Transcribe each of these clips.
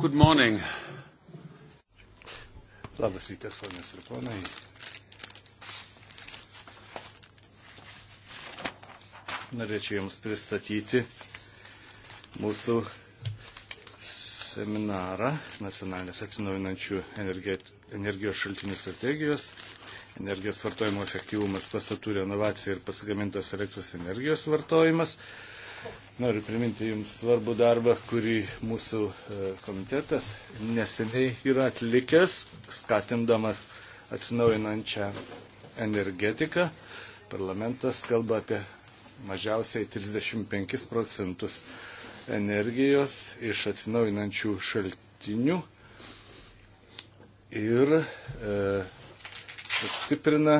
Good morning. Labas rytas, ponės ir ponai. Norėčiau Jums pristatyti mūsų seminarą nacionalinės atsinaujinančių energijos šaltinių strategijos, energijos vartojimo efektyvumas, pastatų renovacija ir pasigamintos elektros energijos vartojimas. Noriu priminti Jums svarbų darbą, kurį mūsų e, komitetas neseniai yra atlikęs, skatindamas atsinaujinančią energetiką. Parlamentas kalba apie mažiausiai 35 procentus energijos iš atsinaujinančių šaltinių ir e, stiprina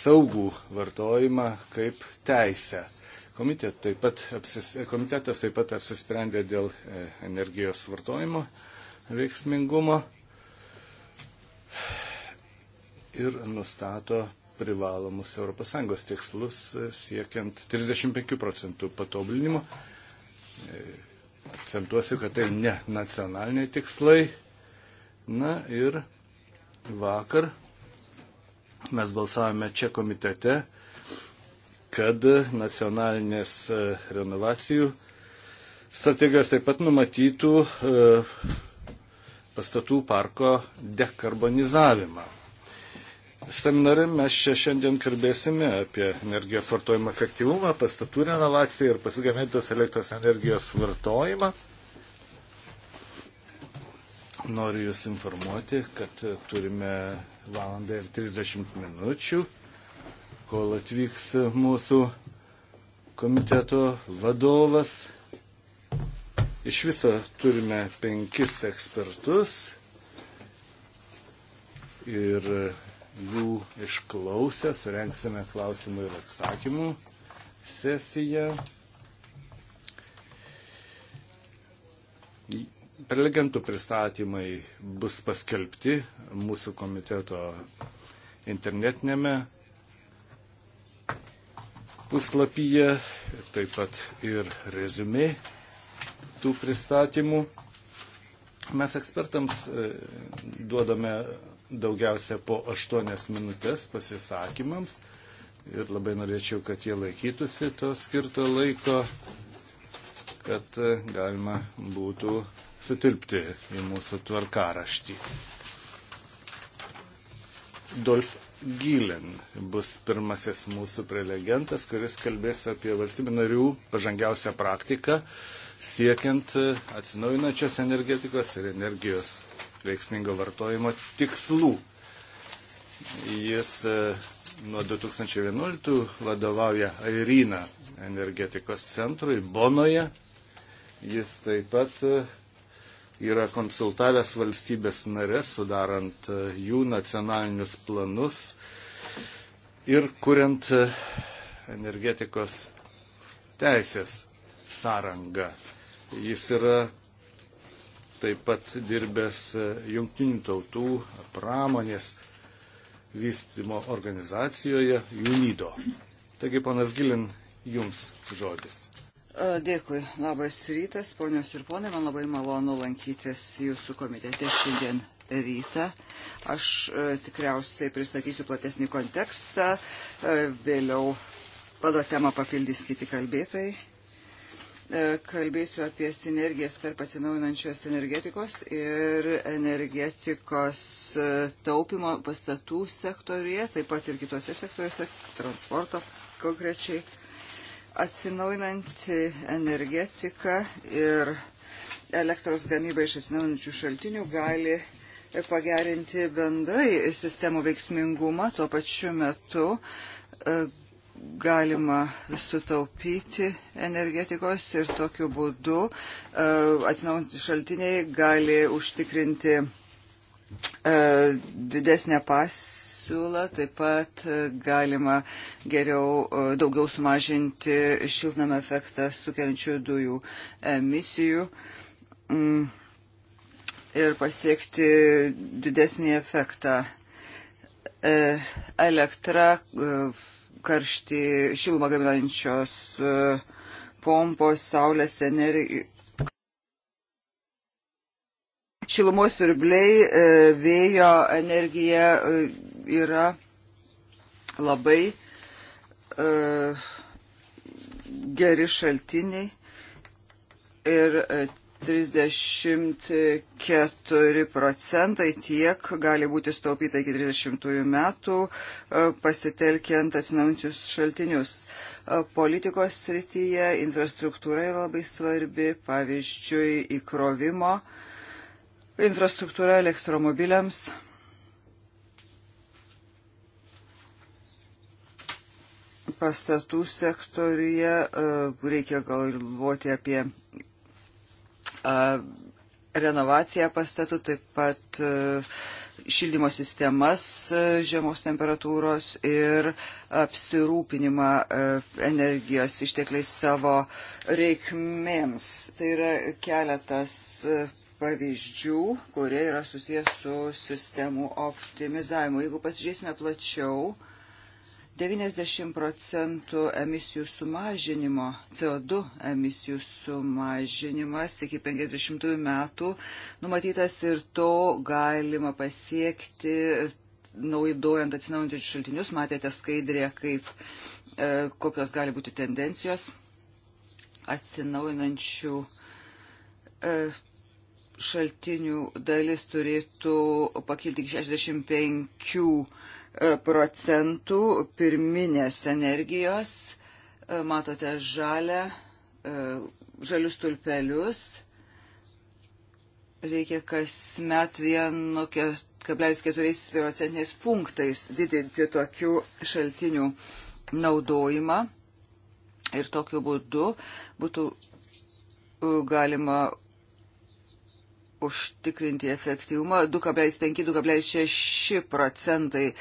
saugų vartojimą kaip teisę. Komitet taip pat apsis, komitetas taip pat apsisprendė dėl e, energijos vartojimo veiksmingumo ir nustato privalomus ES tikslus e, siekiant 35 procentų patobulinimo. E, akcentuosiu, kad tai ne nacionaliniai tikslai. Na ir vakar mes balsavome čia komitete kad nacionalinės e, renovacijų strategijos taip pat numatytų e, pastatų parko dekarbonizavimą. Seminare mes čia šiandien kalbėsime apie energijos vartojimo efektyvumą, pastatų renovaciją ir pasigamintos elektros energijos vartojimą. Noriu Jūs informuoti, kad turime valandą ir 30 minučių kol atvyks mūsų komiteto vadovas. Iš viso turime penkis ekspertus ir jų išklausę surenksime klausimų ir atsakymų sesiją. Prelegentų pristatymai bus paskelbti mūsų komiteto internetinėme puslapyje, taip pat ir rezumė tų pristatymų. Mes ekspertams e, duodame daugiausia po 8 minutės pasisakymams ir labai norėčiau, kad jie laikytųsi to skirto laiko, kad e, galima būtų sutilpti į mūsų tvarkaraštį. Dolf Gylen bus pirmasis mūsų prelegentas, kuris kalbės apie valstybių narių pažangiausią praktiką siekiant atsinaujinančios energetikos ir energijos veiksmingo vartojimo tikslų. Jis e, nuo 2011 vadovauja Airina energetikos centrui Bonoje. Jis taip pat e, yra konsultavęs valstybės narės, sudarant e, jų nacionalinius planus ir kuriant e, energetikos teisės sąrangą. Jis yra taip pat dirbęs e, Junktinių tautų pramonės vystimo organizacijoje UNIDO. Taigi, panas Gilin, jums žodis. Dėkui. Labas rytas, ponios ir ponai. Man labai malonu lankytis jūsų komitete šiandien rytą. Aš e, tikriausiai pristatysiu platesnį kontekstą. E, vėliau pado temą papildys kiti kalbėtojai. E, kalbėsiu apie sinergijas tarp atsinaujinančios energetikos ir energetikos taupimo pastatų sektoriuje, taip pat ir kitose sektoriuose, transporto konkrečiai Atsinaujinanti energetika ir elektros gamyba iš atsinaujinančių šaltinių gali pagerinti bendrai sistemų veiksmingumą, tuo pačiu metu e, galima sutaupyti energetikos ir tokiu būdu e, atsinaujantys šaltiniai gali užtikrinti e, didesnę pas siūlą, taip pat e, galima geriau e, daugiau sumažinti šiltnamą efektą sukeliančių dujų emisijų mm, ir pasiekti didesnį efektą. E, elektra karšti šilumą gaminančios pompos, saulės energija. Šilumos siurbliai, vėjo energija, yra labai e, geri šaltiniai ir 34 e, procentai tiek gali būti staupyta iki 30 metų e, pasitelkiant atsinaujančius šaltinius. E, politikos srityje infrastruktūra yra labai svarbi, pavyzdžiui, įkrovimo infrastruktūra elektromobiliams pastatų sektoriuje, e, reikia galvoti apie e, renovaciją pastatų, taip pat e, šildymo sistemas žiemos temperatūros ir apsirūpinimą energijos ištekliais savo reikmėms. Tai yra keletas pavyzdžių, kurie yra susijęs su sistemų optimizavimu. Jeigu pasižiūrėsime plačiau, 90 procentų emisijų sumažinimo, CO2 emisijų sumažinimas iki 50 metų numatytas ir to galima pasiekti naudojant atsinaujančius šaltinius. Matėte skaidrėje, kaip, e, kokios gali būti tendencijos atsinaujinančių e, šaltinių dalis turėtų pakilti iki 65 procentų pirminės energijos. E, matote žalę, e, žalius tulpelius. Reikia kasmet 1,4 procentiniais punktais didinti tokių šaltinių naudojimą. Ir tokiu būdu būtų e, galima užtikrinti efektyvumą 2,5-2,6 procentai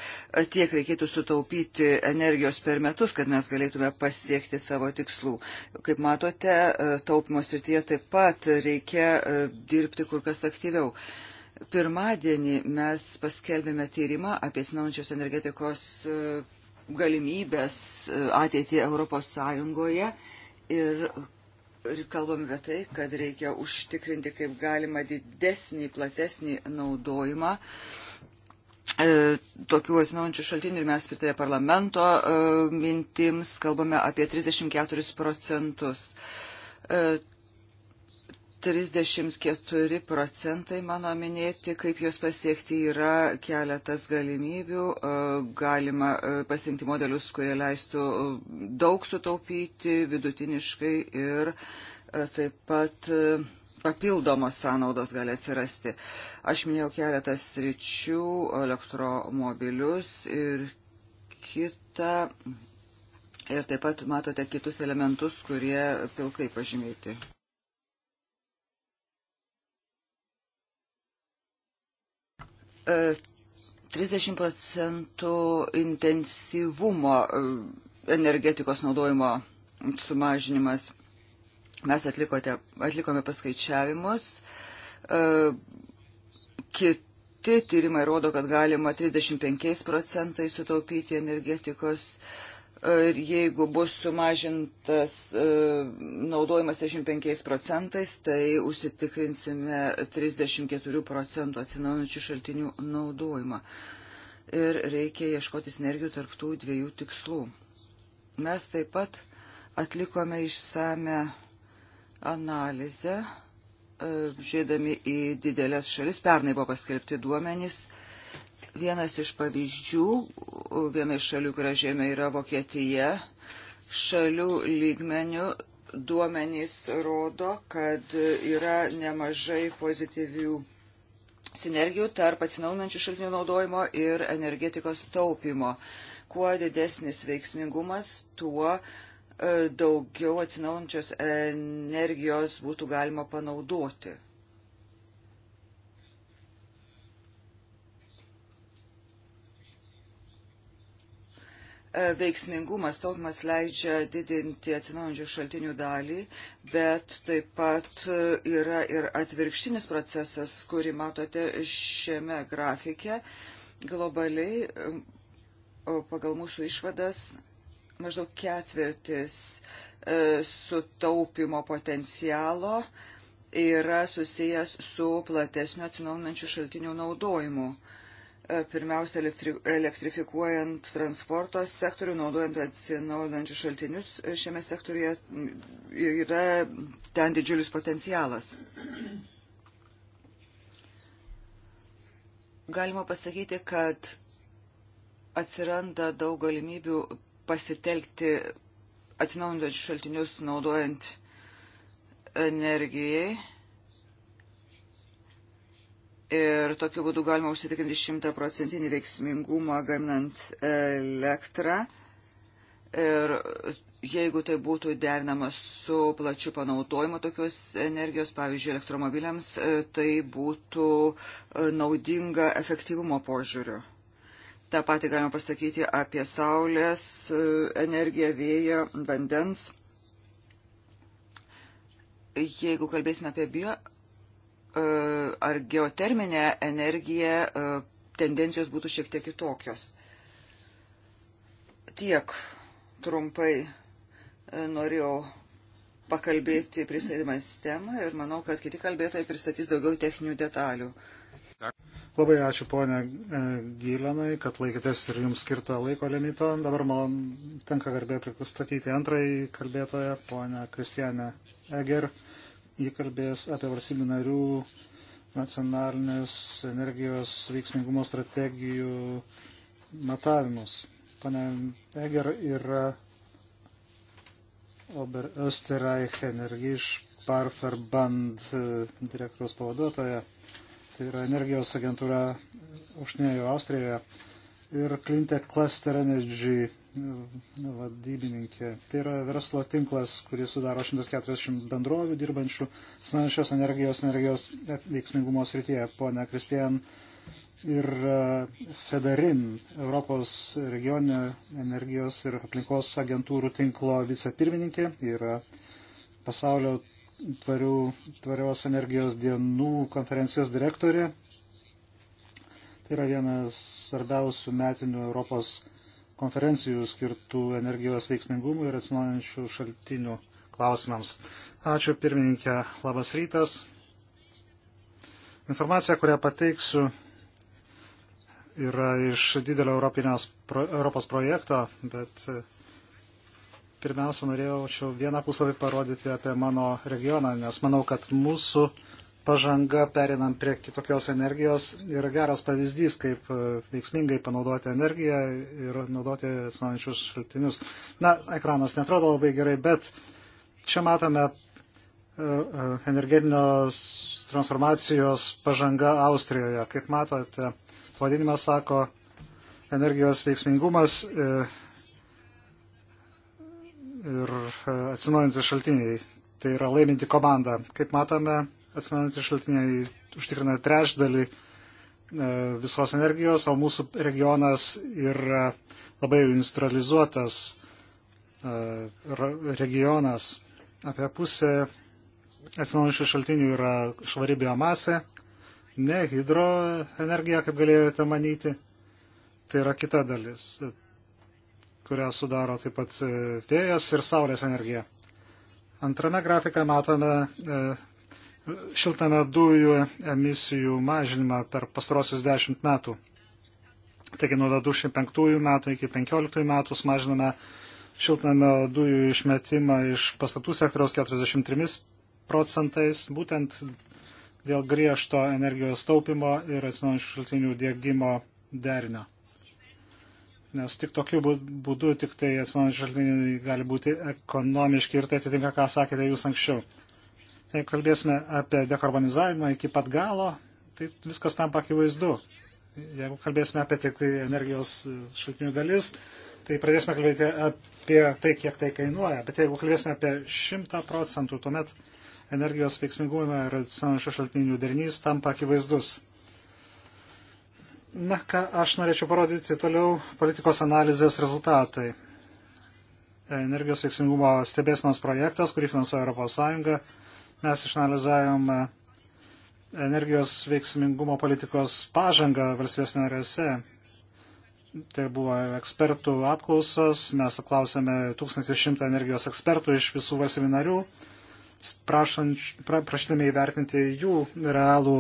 tiek reikėtų sutaupyti energijos per metus, kad mes galėtume pasiekti savo tikslų. Kaip matote, e, taupimo srityje taip pat reikia e, dirbti kur kas aktyviau. Pirmadienį mes paskelbėme tyrimą apie sinaujančios energetikos e, galimybės ateitį Europos Sąjungoje ir kalbam apie tai, kad reikia užtikrinti kaip galima didesnį, platesnį naudojimą e, tokių atsinaujančių šaltinių ir mes pritarė parlamento e, mintims, kalbame apie 34 procentus. E, 34 procentai mano minėti, kaip juos pasiekti yra keletas galimybių. E, galima e, pasirinkti modelius, kurie leistų e, daug sutaupyti vidutiniškai ir taip pat papildomos sąnaudos gali atsirasti. Aš minėjau keletą sričių, elektromobilius ir kitą. Ir taip pat matote kitus elementus, kurie pilkai pažymėti. 30 e, procentų intensyvumo e, energetikos naudojimo sumažinimas. Mes atlikote, atlikome paskaičiavimus. E, kiti tyrimai rodo, kad galima 35 procentai sutaupyti energetikos uh, ir jeigu bus sumažintas e, naudojimas 65 procentais, tai užsitikrinsime 34 procentų atsinaujančių šaltinių naudojimą. Ir reikia ieškoti sinergijų tarptų dviejų tikslų. Mes taip pat atlikome išsame analizę, e, žiūrėdami į didelės šalis. Pernai buvo paskelbti duomenys Vienas iš pavyzdžių, viena iš šalių, kurią žemė yra Vokietija, šalių lygmenių duomenys rodo, kad yra nemažai pozityvių sinergijų tarp atsinaunančių šaltinių naudojimo ir energetikos taupimo. Kuo didesnis veiksmingumas, tuo e, daugiau atsinaujančios energijos būtų galima panaudoti. E, veiksmingumas taupimas leidžia didinti atsinaujančių šaltinių dalį, bet taip pat e, yra ir atvirkštinis procesas, kurį matote šiame grafike. Globaliai e, pagal mūsų išvadas maždaug ketvirtis sutaupimo potencialo yra susijęs su platesniu atsinaujinančių šaltinių naudojimu E, pirmiausia elektrifikuojant transporto sektorių, naudojant atsinaudančius šaltinius e, šiame sektoriuje yra ten didžiulis potencialas. Galima pasakyti, kad atsiranda daug galimybių pasitelkti atsinaudančius šaltinius naudojant energijai Ir tokiu būdu galima užsitikrinti šimtaprocentinį veiksmingumą gaminant elektrą. Ir jeigu tai būtų derinama su plačiu panaudojimu tokios energijos, pavyzdžiui, elektromobiliams, e, tai būtų e, naudinga efektyvumo požiūriu. Ta pati galima pasakyti apie saulės e, energiją, vėją, vandens. Jeigu kalbėsime apie bio E, ar geoterminę energiją e, tendencijos būtų šiek tiek kitokios. Tiek trumpai e, norėjau pakalbėti pristatymas temą ir manau, kad kiti kalbėtojai pristatys daugiau techninių detalių. Labai ačiū ponė Gylenai, kad laikėtės ir jums skirto laiko limito. Dabar man tenka garbė pristatyti antrąjį kalbėtoją, ponę Kristianę Eger. Ji kalbės apie valstybių narių nacionalinės energijos veiksmingumo strategijų matavimus. Pane Eger yra Ober Österreich Energie iš Parferband e, direktoriaus pavaduotoja. Tai yra energijos agentūra Užnėjo Austrijoje ir Cleantech Cluster Energy vadybininkė. Tai yra verslo tinklas, kurį sudaro 140 bendrovių dirbančių sanašios energijos, energijos veiksmingumo srityje. Pone Kristijan ir e, Federin, Europos regioninio energijos ir aplinkos agentūrų tinklo vicepirmininkė, yra pasaulio tvarių, tvarios energijos dienų konferencijos direktorė. Tai yra vienas svarbiausių metinių Europos konferencijų skirtų energijos veiksmingumų ir atsinaujančių šaltinių klausimams. Ačiū pirmininkė, labas rytas. Informacija, kurią pateiksiu, yra iš didelio Europinės, Europos projekto, bet pirmiausia norėjau vieną puslapį parodyti apie mano regioną, nes manau, kad mūsų pažanga perinant prie kitokios energijos yra geras pavyzdys, kaip e, veiksmingai panaudoti energiją ir naudoti atsinaujančius šaltinius. Na, ekranas netrodo labai gerai, bet čia matome e, e, energetinės transformacijos pažanga Austrijoje. Kaip matote, pavadinimas sako energijos veiksmingumas ir atsinaujantys šaltiniai. Tai yra laiminti komanda. Kaip matome, Atsinaujantys šaltiniai užtikrina trečdalį e, visos energijos, o mūsų regionas yra labai industrializuotas e, regionas. Apie pusę atsinaujinčių šaltinių yra švari biomasė, ne hidroenergija, kaip galėjote manyti. Tai yra kita dalis, kurią sudaro taip pat e, vėjas ir saulės energija. Antrame grafike matome šiltame dujų emisijų mažinimą per pastarosius dešimt metų. Taigi nuo 2005 metų iki 2015 metų sumažiname šiltnamio dujų išmetimą iš pastatų sektoriaus 43 procentais, būtent dėl griežto energijos taupimo ir atsinaujančių šaltinių dėgymo derinio. Nes tik tokiu būdu tik tai atsinaujančių šaltiniai gali būti ekonomiški ir tai atitinka, ką sakėte jūs anksčiau. Jeigu kalbėsime apie dekarbonizavimą iki pat galo, tai viskas tampa akivaizdu. Jeigu kalbėsime apie tik tai energijos e, šaltinių dalis, tai pradėsime kalbėti apie tai, kiek tai kainuoja. Bet jeigu kalbėsime apie 100 procentų, tuomet energijos veiksmingumą ir atsinaujinančių šaltinių derinys tampa akivaizdus. Na, ką aš norėčiau parodyti toliau politikos analizės rezultatai. Energijos veiksmingumo stebėsinos projektas, kurį finansuoja ES, Mes išanalizavome energijos veiksmingumo politikos pažangą valstybės narėse. Tai buvo ekspertų apklausos, mes apklausėme 1100 energijos ekspertų iš visų valstybių narių, prašanč, pra, prašydami įvertinti jų realų,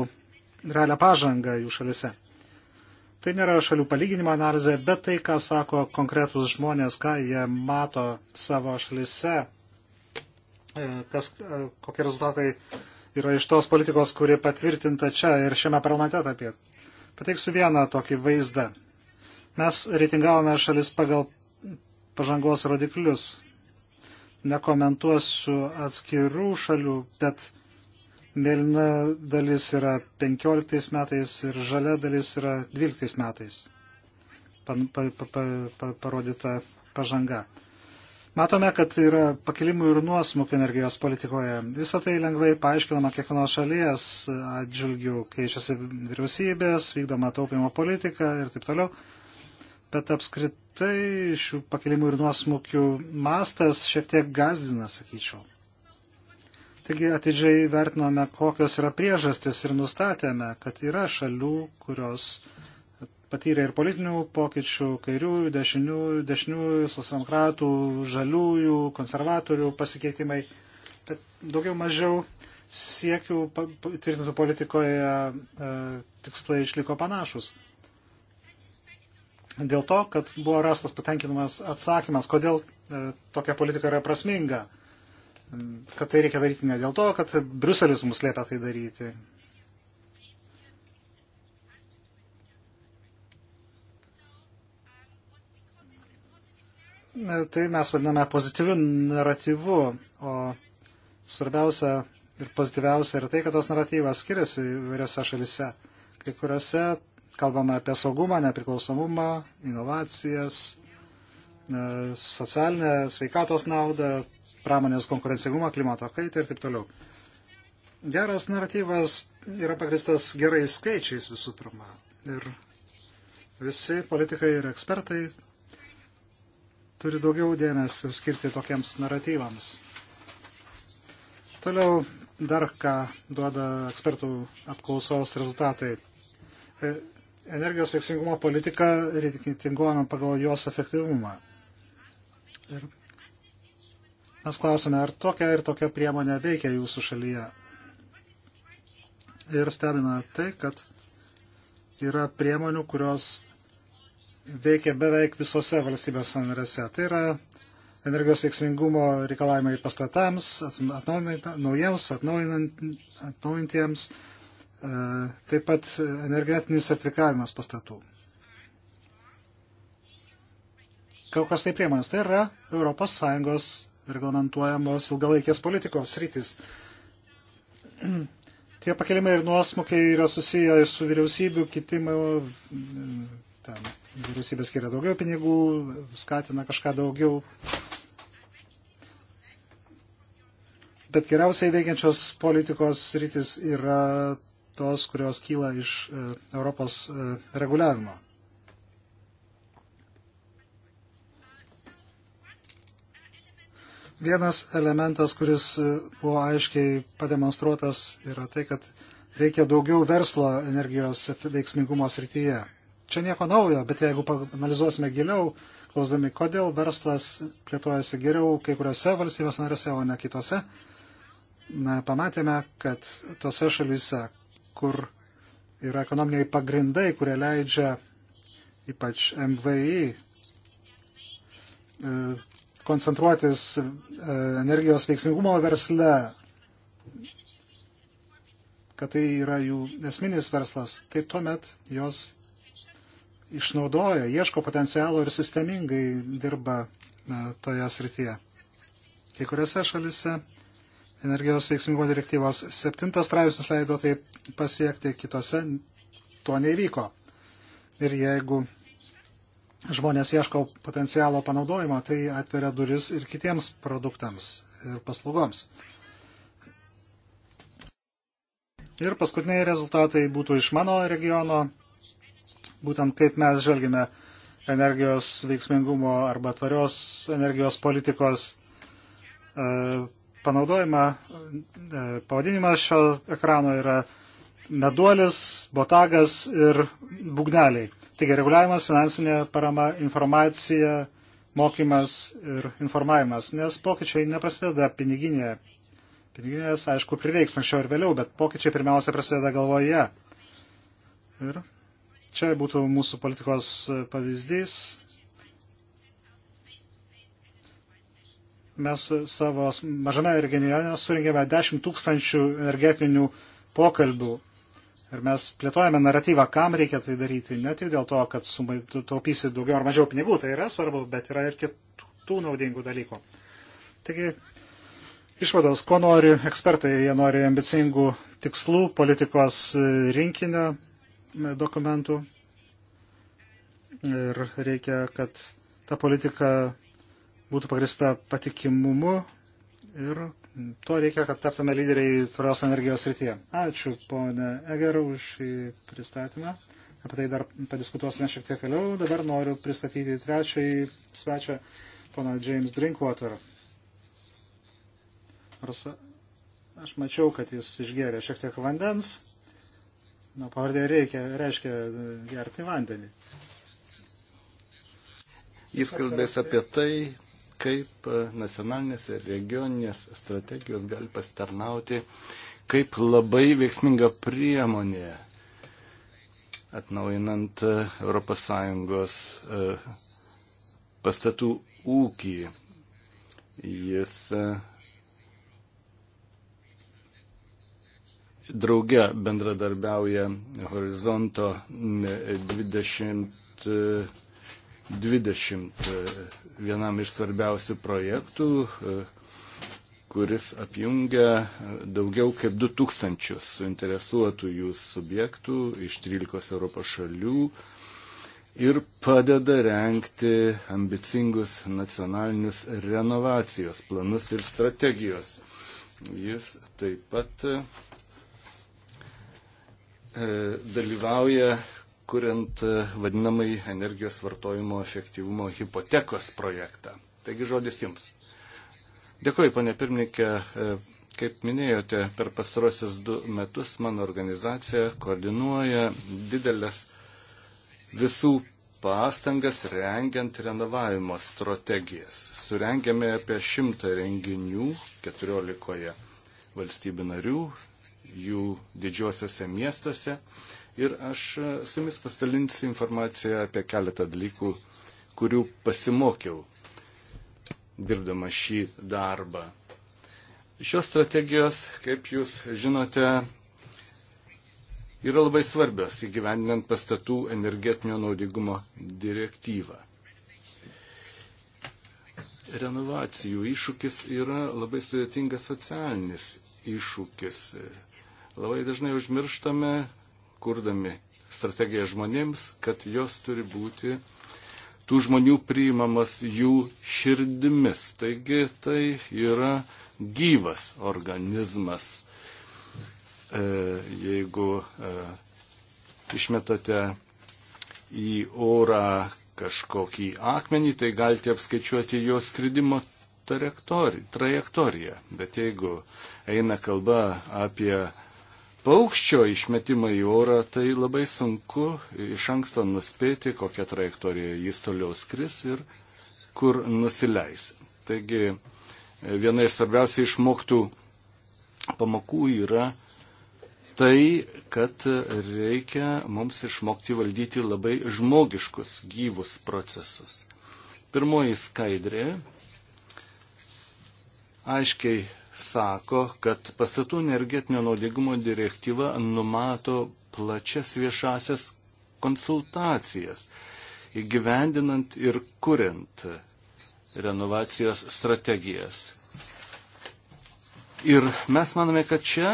realią pažangą jų šalise. Tai nėra šalių palyginimo analizė, bet tai, ką sako konkretūs žmonės, ką jie mato savo šalise E, kas, e, kokie rezultatai yra iš tos politikos, kuri patvirtinta čia ir šiame parlamente apie. Pateiksiu vieną tokį vaizdą. Mes reitingavome šalis pagal pažangos rodiklius. Nekomentuosiu atskirų šalių, bet mėlyna dalis yra 15 metais ir žalia dalis yra 12 metais. Pa, pa, pa, pa, parodyta pažanga. Matome, kad yra pakilimų ir nuosmukų energijos politikoje. Visą tai lengvai paaiškinama kiekvienos šalies atžvilgių, keičiasi vyriausybės, vykdoma taupimo politika ir taip toliau. Bet apskritai šių pakilimų ir nuosmukių mastas šiek tiek gazdina, sakyčiau. Taigi atidžiai vertinome, kokios yra priežastis ir nustatėme, kad yra šalių, kurios patyrė ir politinių pokyčių, kairiųjų, dešiniųjų, dešiniųjų, socialdemokratų, žaliųjų, konservatorių pasikeitimai. Bet daugiau mažiau siekių tvirtintų politikoje e, tikslai išliko panašus. Dėl to, kad buvo rastas patenkinamas atsakymas, kodėl e, tokia politika yra prasminga, kad tai reikia daryti ne dėl to, kad Bruselis mus liepia tai daryti, tai mes vadiname pozityviu naratyvu, o svarbiausia ir pozityviausia yra tai, kad tas naratyvas skiriasi įvairiose šalise. Kai kuriuose kalbame apie saugumą, nepriklausomumą, inovacijas, e, socialinę sveikatos naudą, pramonės konkurencingumą, klimato kaitą ir taip toliau. Geras naratyvas yra pagristas gerais skaičiais visų pirma. Ir visi politikai ir ekspertai turi daugiau dėmesio skirti tokiems naratyvams. Toliau dar ką duoda ekspertų apklausos rezultatai. E, energijos veiksmingumo politika reitinguojama pagal jos efektyvumą. Ir mes klausime, ar tokia ir tokia priemonė veikia jūsų šalyje. Ir stebina tai, kad yra priemonių, kurios veikia beveik visose valstybės narėse. Tai yra energijos veiksmingumo reikalavimai pastatams, naujiems, atnaujintiems, e, taip pat energetinis sertifikavimas pastatų. Kokios tai priemonės? Tai yra ES reglamentuojamos ilgalaikės politikos rytis. Tie pakelimai ir nuosmukiai yra susiję su vyriausybių kitimo ten, vyriausybė skiria daugiau pinigų, skatina kažką daugiau. Bet geriausiai veikiančios politikos rytis yra tos, kurios kyla iš e, Europos e, reguliavimo. Vienas elementas, kuris e, buvo aiškiai pademonstruotas, yra tai, kad reikia daugiau verslo energijos veiksmingumo srityje. Čia nieko naujo, bet jeigu analizuosime giliau, klausdami, kodėl verslas plėtojasi geriau kai kuriuose valstybės narėse, o ne kitose, na, pamatėme, kad tose šalyse, kur yra ekonominiai pagrindai, kurie leidžia ypač MVI e, koncentruotis e, energijos veiksmingumo versle, kad tai yra jų esminis verslas, tai tuomet jos išnaudoja, ieško potencialo ir sistemingai dirba e, toje srityje. Kai kuriuose šalise energijos veiksmingo direktyvos septintas straipsnis leido tai pasiekti, kitose to nevyko. Ir jeigu žmonės ieško potencialo panaudojimo, tai atveria duris ir kitiems produktams ir paslaugoms. Ir paskutiniai rezultatai būtų iš mano regiono būtent kaip mes žvelgime energijos veiksmingumo arba tvarios energijos politikos e, panaudojimą. E, Pavadinimas šio ekrano yra meduolis, botagas ir būgneliai. Taigi reguliavimas, finansinė parama, informacija, mokymas ir informavimas, nes pokyčiai neprasideda piniginėje. Piniginės, aišku, prireiks anksčiau ir vėliau, bet pokyčiai pirmiausia prasideda galvoje. Ir Čia būtų mūsų politikos e, pavyzdys. Mes e, savo mažame regione surinkėme 10 tūkstančių energetinių pokalbių. Ir mes plėtojame naratyvą, kam reikia tai daryti. Ne tik dėl to, kad taupysi daugiau ar mažiau pinigų, tai yra svarbu, bet yra ir kitų naudingų dalykų. Taigi, išvados, ko nori ekspertai, jie nori ambicingų tikslų, politikos e, rinkinio, dokumentų ir reikia, kad ta politika būtų pagrista patikimumu ir to reikia, kad taptume lyderiai tvarios energijos srityje. Ačiū, ponė Eger, už šį pristatymą. Apie tai dar padiskutuosime šiek tiek vėliau. Dabar noriu pristatyti trečiąjį svečią, poną James Drinkwater. Nors aš mačiau, kad jis išgėrė šiek tiek vandens. Na, pavardė reikia, reiškia gerti vandenį. Jis kalbės apie tai, kaip e, nacionalinės ir regioninės strategijos gali pasitarnauti kaip labai veiksminga priemonė atnaujinant ES e, pastatų ūkį. Jis e, drauge bendradarbiauja Horizonto 2020 vienam iš svarbiausių projektų, kuris apjungia daugiau kaip 2000 suinteresuotųjų subjektų iš 13 Europos šalių ir padeda renkti ambicingus nacionalinius renovacijos planus ir strategijos. Jis taip pat E, dalyvauja kuriant e, vadinamai energijos vartojimo efektyvumo hipotekos projektą. Taigi žodis jums. Dėkuoju, ponė pirmininkė. E, kaip minėjote, per pastarosius du metus mano organizacija koordinuoja didelės visų pastangas rengiant renovavimo strategijas. Surengėme apie šimtą renginių 14 valstybių narių, jų didžiuosiuose miestuose. Ir aš e, su jumis pastalinsiu informaciją apie keletą dalykų, kurių pasimokiau dirbdama šį darbą. Šios strategijos, kaip jūs žinote, yra labai svarbios įgyvendinant pastatų energetinio naudingumo direktyvą. Renovacijų iššūkis yra labai sudėtingas socialinis iššūkis. Labai dažnai užmirštame, kurdami strategiją žmonėms, kad jos turi būti tų žmonių priimamas jų širdimis. Taigi tai yra gyvas organizmas. E, jeigu e, išmetate į orą kažkokį akmenį, tai galite apskaičiuoti jo skridimo trajektoriją. Bet jeigu eina kalba apie paukščio išmetimą į orą, tai labai sunku iš anksto nuspėti, kokią trajektoriją jis toliau skris ir kur nusileis. Taigi viena iš svarbiausiai išmoktų pamokų yra tai, kad reikia mums išmokti valdyti labai žmogiškus, gyvus procesus. Pirmoji skaidrė aiškiai sako, kad pastatų energetinio naudingumo direktyva numato plačias viešasias konsultacijas, įgyvendinant ir kuriant renovacijos strategijas. Ir mes manome, kad čia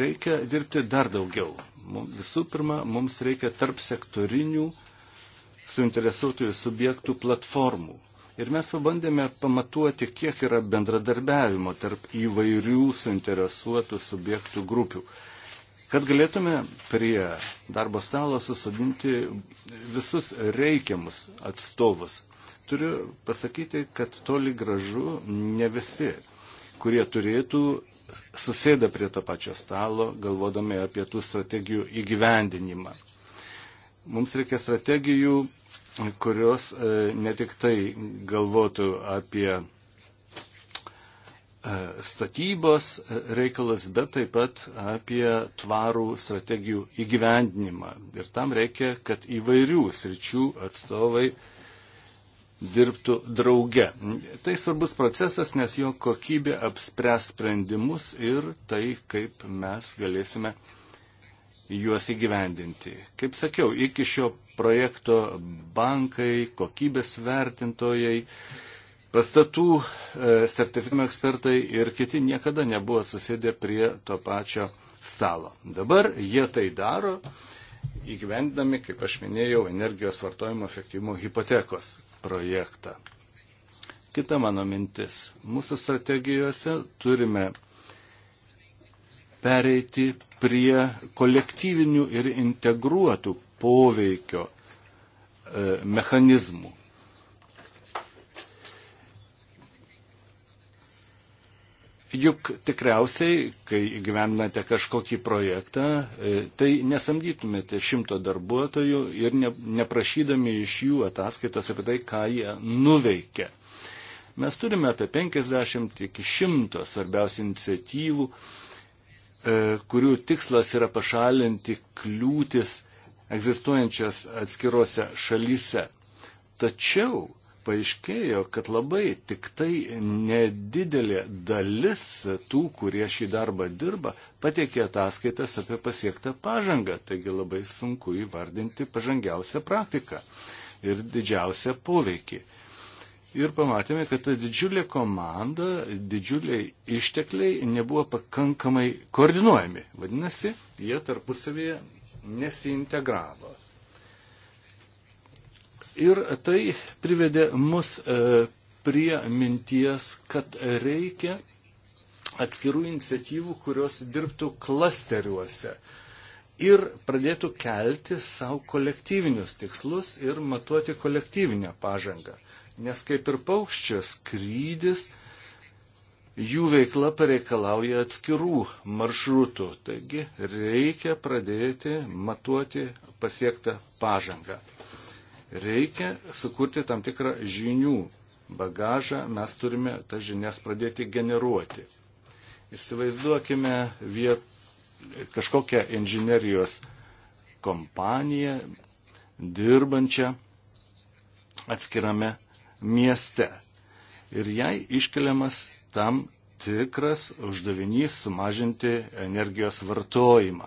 reikia dirbti dar daugiau. Visų pirma, mums reikia tarp sektorinių suinteresuotųjų subjektų platformų, Ir mes pabandėme pamatuoti, kiek yra bendradarbiavimo tarp įvairių suinteresuotų subjektų grupių, kad galėtume prie darbo stalo susodinti visus reikiamus atstovus. Turiu pasakyti, kad toli gražu ne visi, kurie turėtų susėda prie to pačio stalo, galvodami apie tų strategijų įgyvendinimą. Mums reikia strategijų kurios e, ne tik tai galvotų apie e, statybos e, reikalas, bet taip pat apie tvarų strategijų įgyvendinimą. Ir tam reikia, kad įvairių sričių atstovai dirbtų drauge. Tai svarbus procesas, nes jo kokybė apspręs sprendimus ir tai, kaip mes galėsime uh, juos įgyvendinti. Kaip sakiau, iki šio projekto bankai, kokybės vertintojai, pastatų e, sertifikavimo ekspertai ir kiti niekada nebuvo susėdę prie to pačio stalo. Dabar jie tai daro, įgyvendami, kaip aš minėjau, energijos vartojimo efektyvumo hipotekos projektą. Kita mano mintis. Mūsų strategijose turime pereiti prie kolektyvinių ir integruotų poveikio e, mechanizmų. Juk tikriausiai, kai gyvenate kažkokį projektą, e, tai nesamdytumėte šimto darbuotojų ir ne, neprašydami iš jų ataskaitos apie tai, ką jie nuveikia. Mes turime apie 50 iki 100 svarbiausių iniciatyvų, E, kurių tikslas yra pašalinti kliūtis egzistuojančias atskirose šalyse. Tačiau paaiškėjo, kad labai tik tai nedidelė dalis tų, kurie šį darbą dirba, pateikė ataskaitas apie pasiektą pažangą, taigi labai sunku įvardinti pažangiausią praktiką ir didžiausią poveikį ir pamatėme, kad ta didžiulė komanda, didžiuliai ištekliai nebuvo pakankamai koordinuojami. Vadinasi, jie tarpusavėje nesiintegravo. Ir tai privedė mus e, prie minties, kad reikia atskirų iniciatyvų, kurios dirbtų klasteriuose ir pradėtų kelti savo kolektyvinius tikslus ir matuoti kolektyvinę pažangą. Nes kaip ir paukščio skrydis, jų veikla pareikalauja atskirų maršrutų. Taigi reikia pradėti matuoti pasiektą pažangą. Reikia sukurti tam tikrą žinių bagažą, mes turime tas žinias pradėti generuoti. Įsivaizduokime viet, kažkokią inžinerijos kompaniją, dirbančią atskirame mieste. Ir jai iškeliamas tam tikras uždavinys sumažinti energijos vartojimą.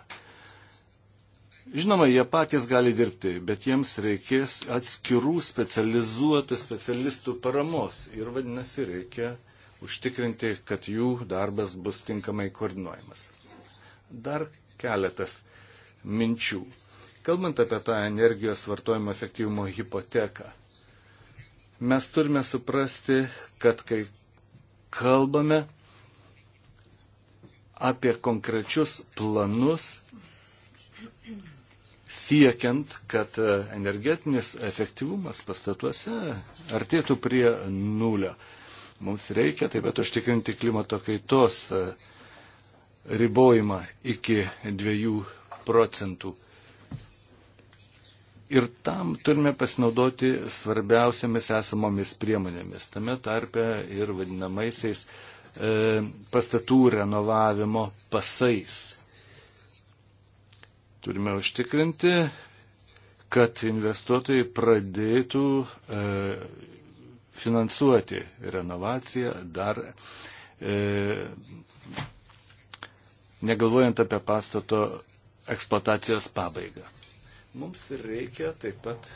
Žinoma, jie patys gali dirbti, bet jiems reikės atskirų specializuotų specialistų paramos ir vadinasi reikia užtikrinti, kad jų darbas bus tinkamai koordinuojamas. Dar keletas minčių. Kalbant apie tą energijos vartojimo efektyvumo hipoteką, Mes turime suprasti, kad kai kalbame apie konkrečius planus, siekiant, kad energetinis efektyvumas pastatuose artėtų prie nulio. Mums reikia taip pat užtikrinti klimato kaitos ribojimą iki 2 procentų. Ir tam turime pasinaudoti svarbiausiamis esamomis priemonėmis, tame tarpe ir vadinamaisiais e, pastatų renovavimo pasais. Turime užtikrinti, kad investuotojai pradėtų e, finansuoti renovaciją dar e, negalvojant apie pastato eksploatacijos pabaigą. Mums reikia taip pat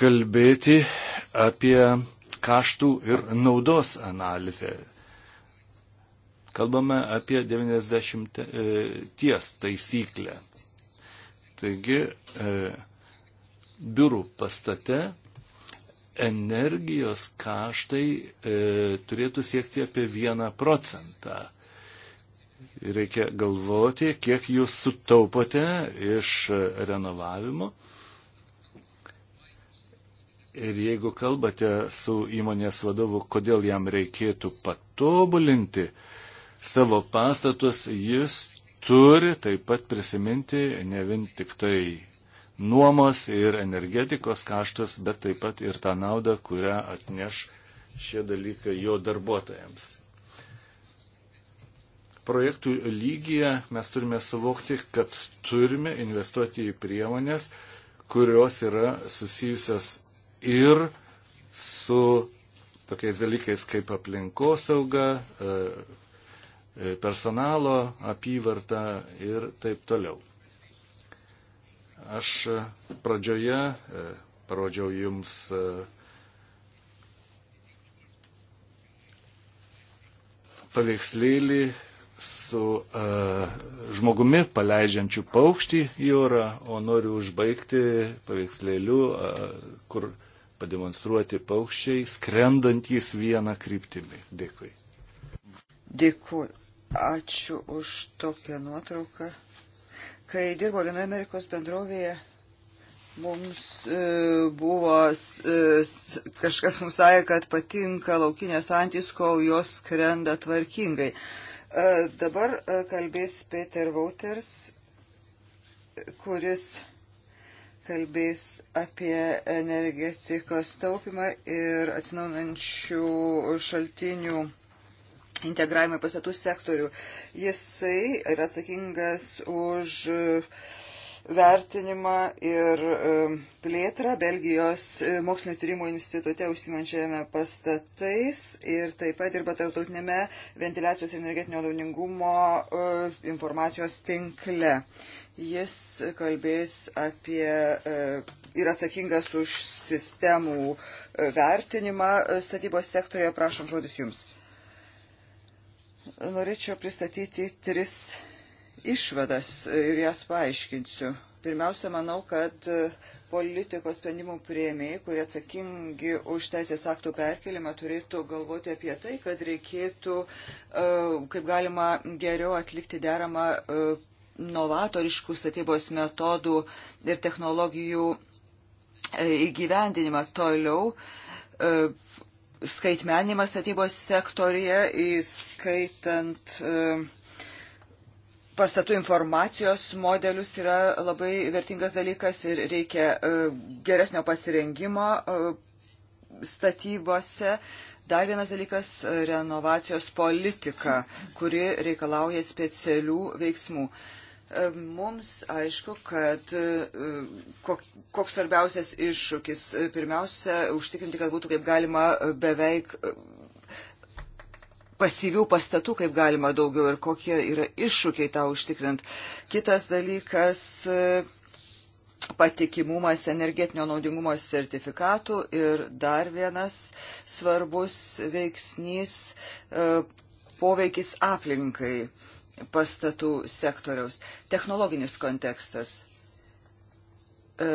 kalbėti apie kaštų ir naudos analizę. Kalbame apie 90 e, ties taisyklę. Taigi, e, biurų pastate energijos kaštai e, turėtų siekti apie 1 procentą reikia galvoti, kiek jūs sutaupote iš renovavimo. Ir jeigu kalbate su įmonės vadovu, kodėl jam reikėtų patobulinti savo pastatus, jis turi taip pat prisiminti ne vien tik tai nuomos ir energetikos kaštus, bet taip pat ir tą naudą, kurią atneš šie dalykai jo darbuotojams projektų lygyje mes turime suvokti, kad turime investuoti į priemonės, kurios yra susijusios ir su tokiais dalykais kaip aplinkosauga, e, e, personalo apyvarta ir taip toliau. Aš e, pradžioje parodžiau jums paveikslėlį su e, žmogumi paleidžiančiu paukštį į orą, o noriu užbaigti paveikslėliu, e, kur pademonstruoti paukščiai skrendantys vieną kryptimį. Dėkui. Dėkui. Ačiū už tokią nuotrauką. Kai dirbo vienoje Amerikos bendrovėje, mums e, buvo, e, kažkas mums sakė, kad patinka laukinės antys, kol jos skrenda tvarkingai. E, E, dabar e, kalbės Peter Wouters, kuris kalbės apie energetikos taupimą ir atsinaunančių šaltinių integravimą pastatų sektorių. Jisai yra atsakingas už uh, vertinimą ir e, plėtrą Belgijos e, mokslinio tyrimų institute užsimančiame pastatais ir taip pat dirba tarptautinėme ventiliacijos ir energetinio dauningumo e, informacijos tinkle. Jis kalbės apie ir atsakingas už sistemų vertinimą statybos sektorioje. Prašom žodis jums. Norėčiau pristatyti tris išvadas ir jas paaiškinsiu. Pirmiausia, manau, kad e, politikos sprendimų prieimėjai, kurie atsakingi už teisės aktų perkelimą, turėtų galvoti apie tai, kad reikėtų e, kaip galima geriau atlikti deramą e, novatoriškų statybos metodų ir technologijų įgyvendinimą toliau skaitmenimas statybos sektorija, įskaitant pastatų informacijos modelius yra labai vertingas dalykas ir reikia e, geresnio pasirengimo e, statybose. Dar vienas dalykas - renovacijos politika, kuri reikalauja specialių veiksmų. E, mums aišku, kad koks svarbiausias iššūkis pirmiausia - užtikrinti, kad būtų kaip galima beveik pasyvių pastatų, kaip galima daugiau ir kokie yra iššūkiai tą užtikrint. Kitas dalykas e, patikimumas energetinio naudingumo sertifikatų ir dar vienas svarbus veiksnys e, poveikis aplinkai pastatų sektoriaus. Technologinis kontekstas. E,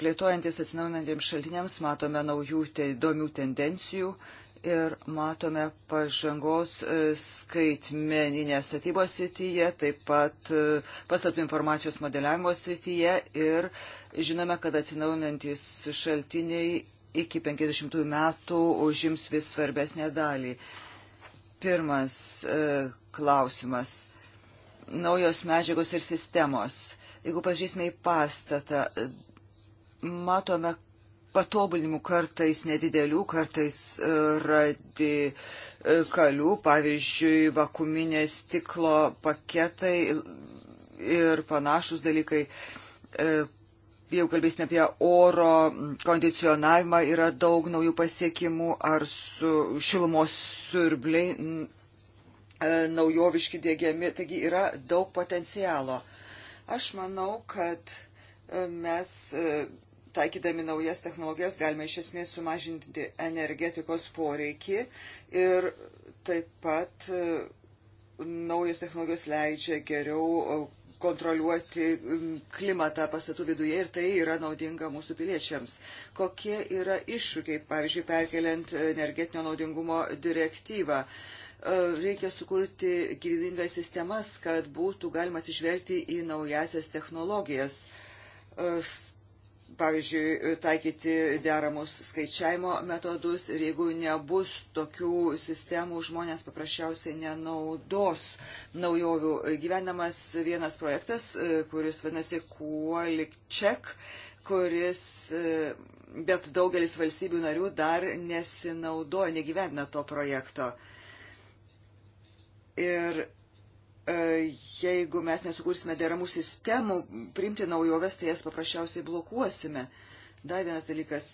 plėtojantis atsinaujinantiems šaltiniams matome naujų įdomių tendencijų. Uh, ir matome pažangos e, skaitmeninės statybos srityje, taip pat e, pastatų informacijos modeliavimo srityje ir žinome, kad atsinaunantis šaltiniai iki 50 metų užims vis svarbesnę dalį. Pirmas e, klausimas. Naujos medžiagos ir sistemos. Jeigu pažįsime į pastatą, matome, patobulinimų kartais nedidelių, kartais e, radikalių, e, pavyzdžiui, vakuminė stiklo paketai ir panašus dalykai. E, Jau kalbėsime apie oro kondicionavimą, yra daug naujų pasiekimų ar su šilumos siurbliai naujoviški dėgiami, taigi yra daug potencialo. Aš manau, kad mes taikydami naujas technologijas galime iš esmės sumažinti energetikos poreikį ir taip pat e, naujos technologijos leidžia geriau e, kontroliuoti klimatą pastatų viduje ir tai yra naudinga mūsų piliečiams. Kokie yra iššūkiai, pavyzdžiui, perkeliant energetinio naudingumo direktyvą? E, reikia sukurti gyvybingas sistemas, kad būtų galima atsižvelgti į naujasias technologijas pavyzdžiui, taikyti deramus skaičiavimo metodus ir jeigu nebus tokių sistemų, žmonės paprasčiausiai nenaudos naujovių. Gyvenamas vienas projektas, e, kuris vadinasi Qualic Check, kuris, e, bet daugelis valstybių narių dar nesinaudoja, negyvena to projekto. Ir E, jeigu mes nesukursime deramų sistemų priimti naujoves, tai jas paprasčiausiai blokuosime. Dar vienas dalykas,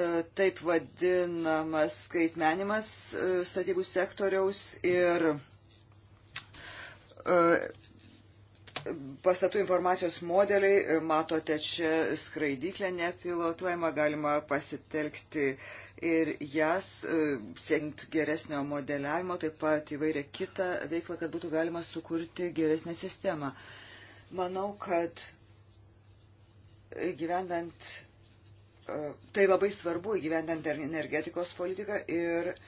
e, taip vadinamas skaitmenimas e, statybų sektoriaus ir pastatų informacijos modeliai, e, matote čia skraidyklę nepilotuojama, galima pasitelkti ir jas, e, siekiant geresnio modeliavimo, taip pat įvairia kitą veiklą, kad būtų galima sukurti geresnę sistemą. Manau, kad gyvendant, e, tai labai svarbu įgyvendant energetikos politiką ir uh,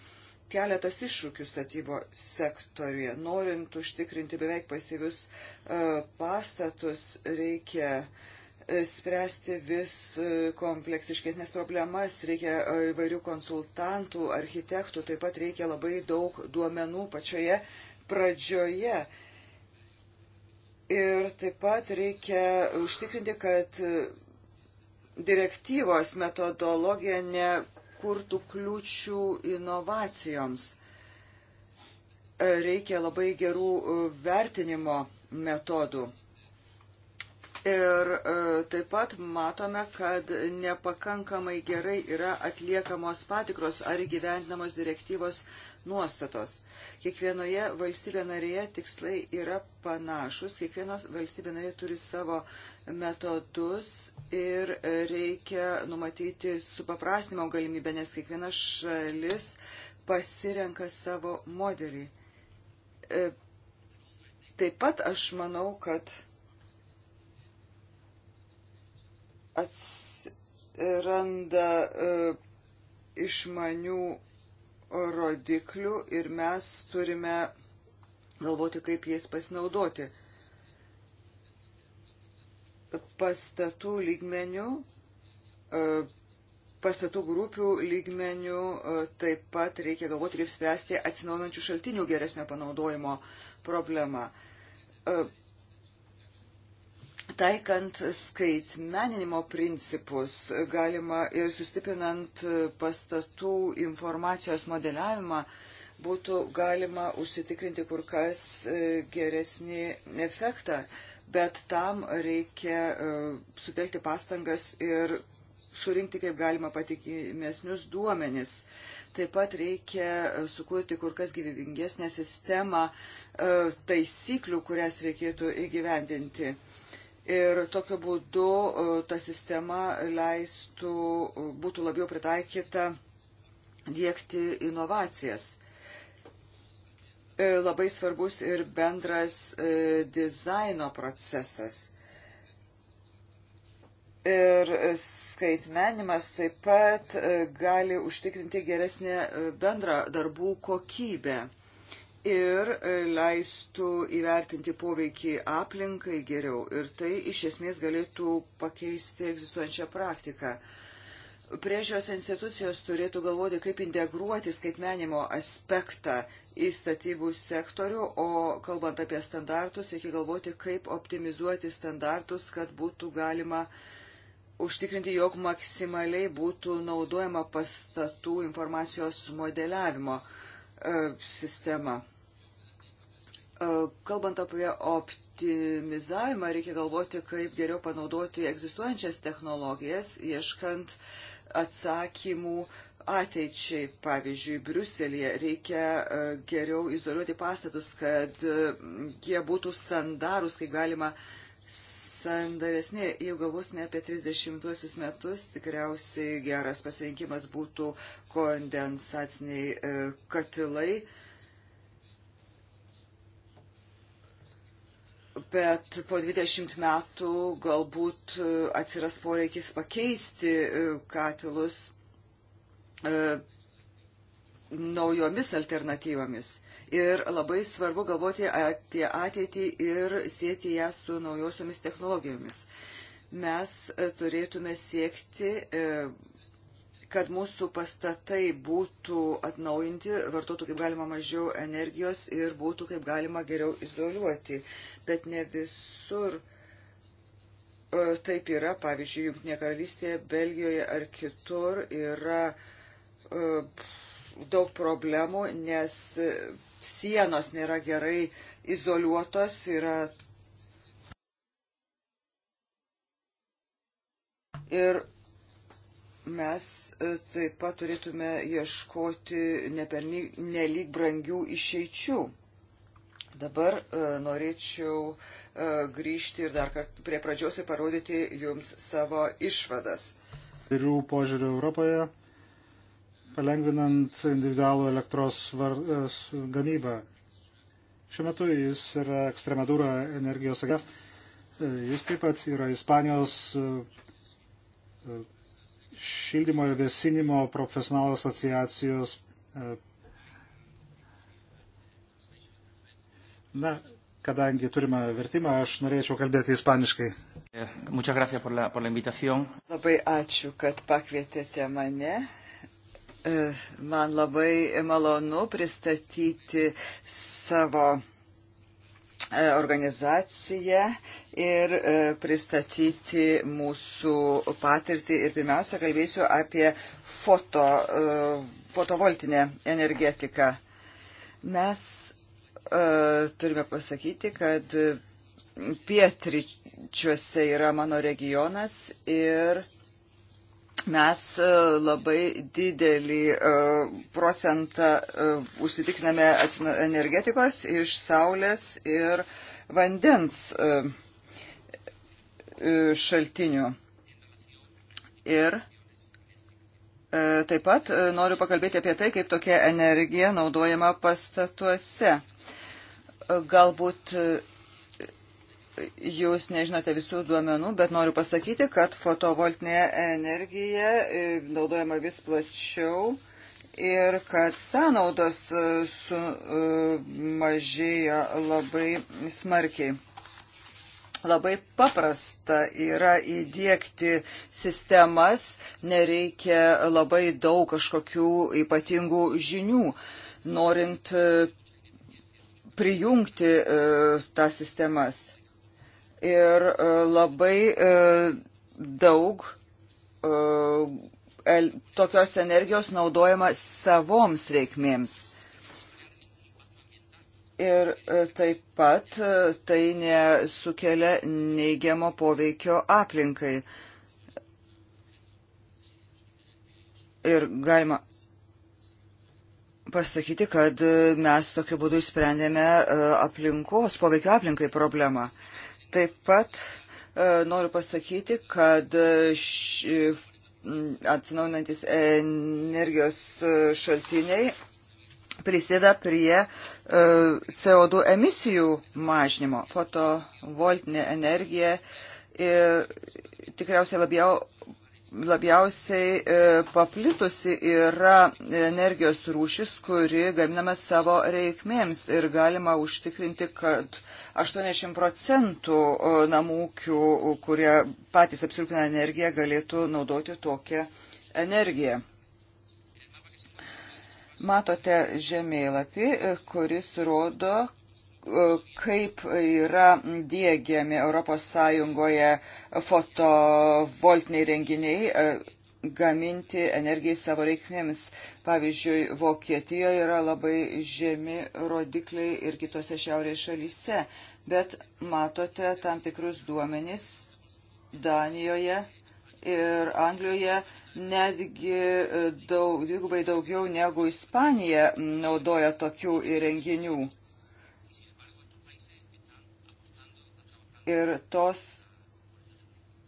keletas iššūkių statybo sektoriuje. Norint užtikrinti beveik pasyvius e, pastatus, reikia e, spręsti vis e, kompleksiškesnės problemas, reikia įvairių konsultantų, architektų, taip pat reikia labai daug duomenų pačioje pradžioje. Ir taip pat reikia užtikrinti, kad direktyvos metodologija ne nekurtų kliučių inovacijoms. E, reikia labai gerų e, vertinimo metodų. Ir e, taip pat matome, kad nepakankamai gerai yra atliekamos patikros ar įgyvendinamos direktyvos nuostatos. Kiekvienoje valstybė narėje tikslai yra panašus, kiekvienos valstybė narė turi savo metodus ir reikia numatyti supaprastinimo galimybę, nes kiekviena šalis pasirenka savo modelį. E, taip pat aš manau, kad atsiranda e, išmanių rodiklių ir mes turime galvoti, kaip jais pasinaudoti pastatų lygmenių, e, pastatų grupių lygmenių e, taip pat reikia galvoti, kaip spręsti atsinaujančių šaltinių geresnio panaudojimo problemą. E, taikant skaitmeninimo principus galima ir sustiprinant pastatų informacijos modeliavimą, būtų galima užsitikrinti kur kas geresnį efektą bet tam reikia e, sutelkti pastangas ir surinkti kaip galima patikimesnius duomenis. Taip pat reikia e, sukurti kur kas gyvybingesnę sistemą e, taisyklių, kurias reikėtų įgyvendinti. Ir tokiu būdu ta sistema leistų, būtų labiau pritaikyta dėkti inovacijas. E, labai svarbus ir bendras e, dizaino procesas. Ir skaitmenimas taip pat e, gali užtikrinti geresnę bendrą darbų kokybę ir leistų įvertinti poveikį aplinkai geriau. Ir tai iš esmės galėtų pakeisti egzistuojančią praktiką. Priežios institucijos turėtų galvoti, kaip integruoti skaitmenimo aspektą į statybų sektorių, o kalbant apie standartus, reikia galvoti, kaip optimizuoti standartus, kad būtų galima užtikrinti, jog maksimaliai būtų naudojama pastatų informacijos modeliavimo e, sistema. E, kalbant apie optimizavimą, reikia galvoti, kaip geriau panaudoti egzistuojančias technologijas, ieškant atsakymų uh, ateičiai, pavyzdžiui, Briuselėje reikia e, geriau izoliuoti pastatus, kad e, jie būtų sandarus, kaip galima sandaresnė. Jeigu galvosime apie 30-uosius metus, tikriausiai geras pasirinkimas būtų kondensaciniai e, katilai. Bet po 20 metų galbūt atsiras poreikis pakeisti katilus E, naujomis alternatyvomis. Ir labai svarbu galvoti apie ateitį ir sieti ją su naujosiomis technologijomis. Mes e, turėtume siekti, e, kad mūsų pastatai būtų atnaujinti, vartotų kaip galima mažiau energijos ir būtų kaip galima geriau izoliuoti. Bet ne visur taip yra, pavyzdžiui, Junktinė karalystė, Belgijoje ar kitur yra uh, E, daug problemų, nes sienos nėra gerai izoliuotos, yra. Ir mes e, taip pat turėtume ieškoti nelik brangių išeičių. Dabar e, norėčiau e, grįžti ir dar kartą prie pradžios ir parodyti jums savo išvadas. Vairių požiūrių Europoje palengvinant individualų elektros var, e, gamybą. Šiuo metu jis yra Ekstremadūro energijos agent. E, jis taip pat yra Ispanijos e, šildymo ir vėsinimo profesionalų asociacijos. Na, kadangi turime vertimą, aš norėčiau kalbėti ispaniškai. Por la, por la Labai ačiū, kad pakvietėte mane E, man labai malonu pristatyti savo e, organizaciją ir e, pristatyti mūsų patirtį. Ir pirmiausia, kalbėsiu apie foto, fotovoltinę energetiką. Mes turime pasakyti, kad pietričiuose yra mano regionas ir mes e, labai didelį e, procentą e, užsitikriname energetikos iš saulės ir vandens šaltinių. Ir taip pat noriu pakalbėti apie tai, kaip tokia energija naudojama pastatuose. Galbūt jūs nežinote visų duomenų, bet noriu pasakyti, kad fotovoltinė energija e, naudojama vis plačiau ir kad sąnaudos e, sumažėja e, labai smarkiai. Labai paprasta yra įdėkti sistemas, nereikia labai daug kažkokių ypatingų žinių, norint prijungti e, tą sistemas ir e, labai e, daug e, tokios energijos naudojama savoms reikmėms. Ir taip pat tai nesukelia neigiamo poveikio aplinkai. Ir galima pasakyti, kad mes tokiu būdu išsprendėme aplinkos, poveikio aplinkai problemą. Taip pat e, noriu pasakyti, kad e, ši, atsinaujinantis energijos e, šaltiniai prisideda prie CO2 emisijų mažnymo. Fotovoltinė energija tikriausiai labiau labiausiai e, paplitusi yra energijos rūšis, kuri gaminama savo reikmėms ir galima užtikrinti, kad 80 procentų e, namūkių, kurie patys apsirūpina energiją, galėtų naudoti tokią energiją. Matote žemėlapį, e, kuris rodo, kaip yra dėgiami ES fotovoltiniai renginiai e, gaminti energijai savo reikmėms. Pavyzdžiui, Vokietijoje yra labai žemi rodikliai ir kitose šiaurės šalyse, bet matote tam tikrus duomenys Danijoje ir Anglijoje netgi e, daug, dvigubai daugiau negu Ispanija naudoja tokių įrenginių ir tos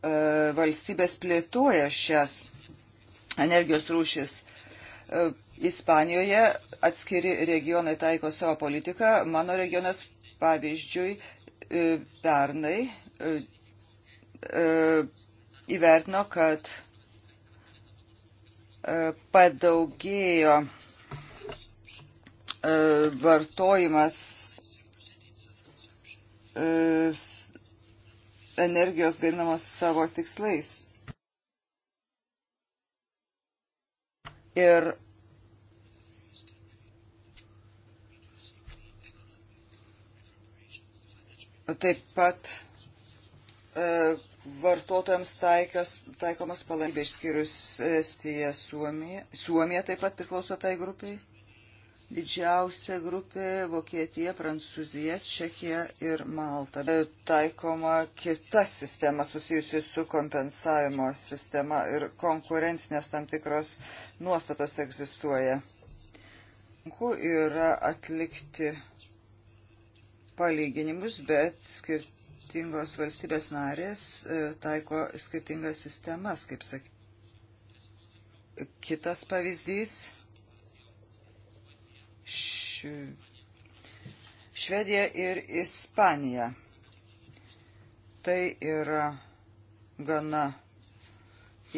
e, valstybės plėtoja šias energijos rūšis. E, Ispanijoje atskiri regionai taiko savo politiką. Mano regionas, pavyzdžiui, e, pernai e, e, įvertino, kad e, padaugėjo e, vartojimas e, energijos gaminamos savo tikslais. Ir taip pat e, vartotojams taikios, taikomos palankybės išskyrus Estiją, Suomiją. Suomija taip pat priklauso tai grupiai. Didžiausia grupė - Vokietija, Prancūzija, Čekija ir Malta. Taikoma kita sistema susijusi su kompensavimo sistema ir konkurencinės tam tikros nuostatos egzistuoja. Sunku yra atlikti palyginimus, bet skirtingos valstybės narės e, taiko skirtingas sistemas, kaip sakė. Kitas pavyzdys Švedija ir Ispanija. Tai yra gana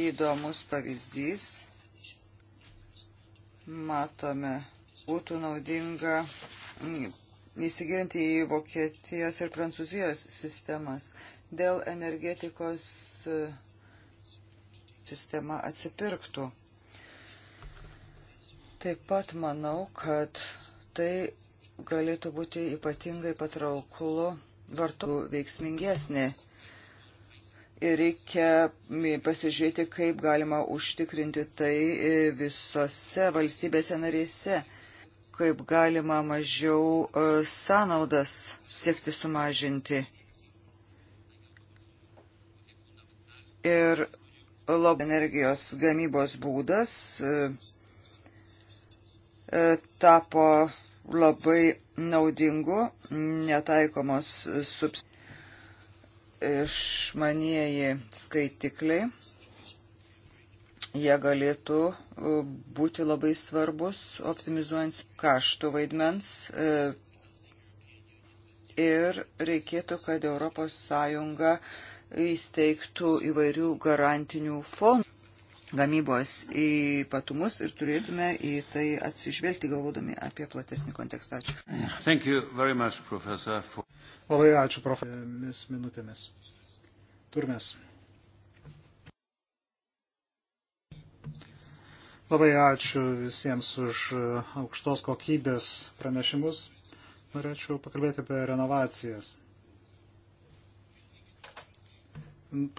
įdomus pavyzdys. Matome, būtų naudinga įsigilinti į Vokietijos ir Prancūzijos sistemas. Dėl energetikos e, sistema atsipirktų. Taip pat manau, kad tai galėtų būti ypatingai patrauklu vartų veiksmingesnė. Ir reikia pasižiūrėti, kaip galima užtikrinti tai e, visose valstybėse narėse, kaip galima mažiau e, sąnaudas siekti sumažinti. Ir labai energijos gamybos būdas e, E, tapo labai naudingu, netaikomos subs išmanieji skaitikliai. Jie galėtų e, būti labai svarbus, optimizuojant kaštų vaidmens. E, ir reikėtų, kad ES įsteigtų įvairių garantinių fondų gamybos ypatumus ir turėtume į tai atsižvelgti galvodami apie platesnį kontekstą. Ačiū. Much, professor, for... Labai ačiū, profesorėmis minutėmis. Turmes. Labai ačiū visiems už aukštos kokybės pranešimus. Norėčiau pakalbėti apie renovacijas.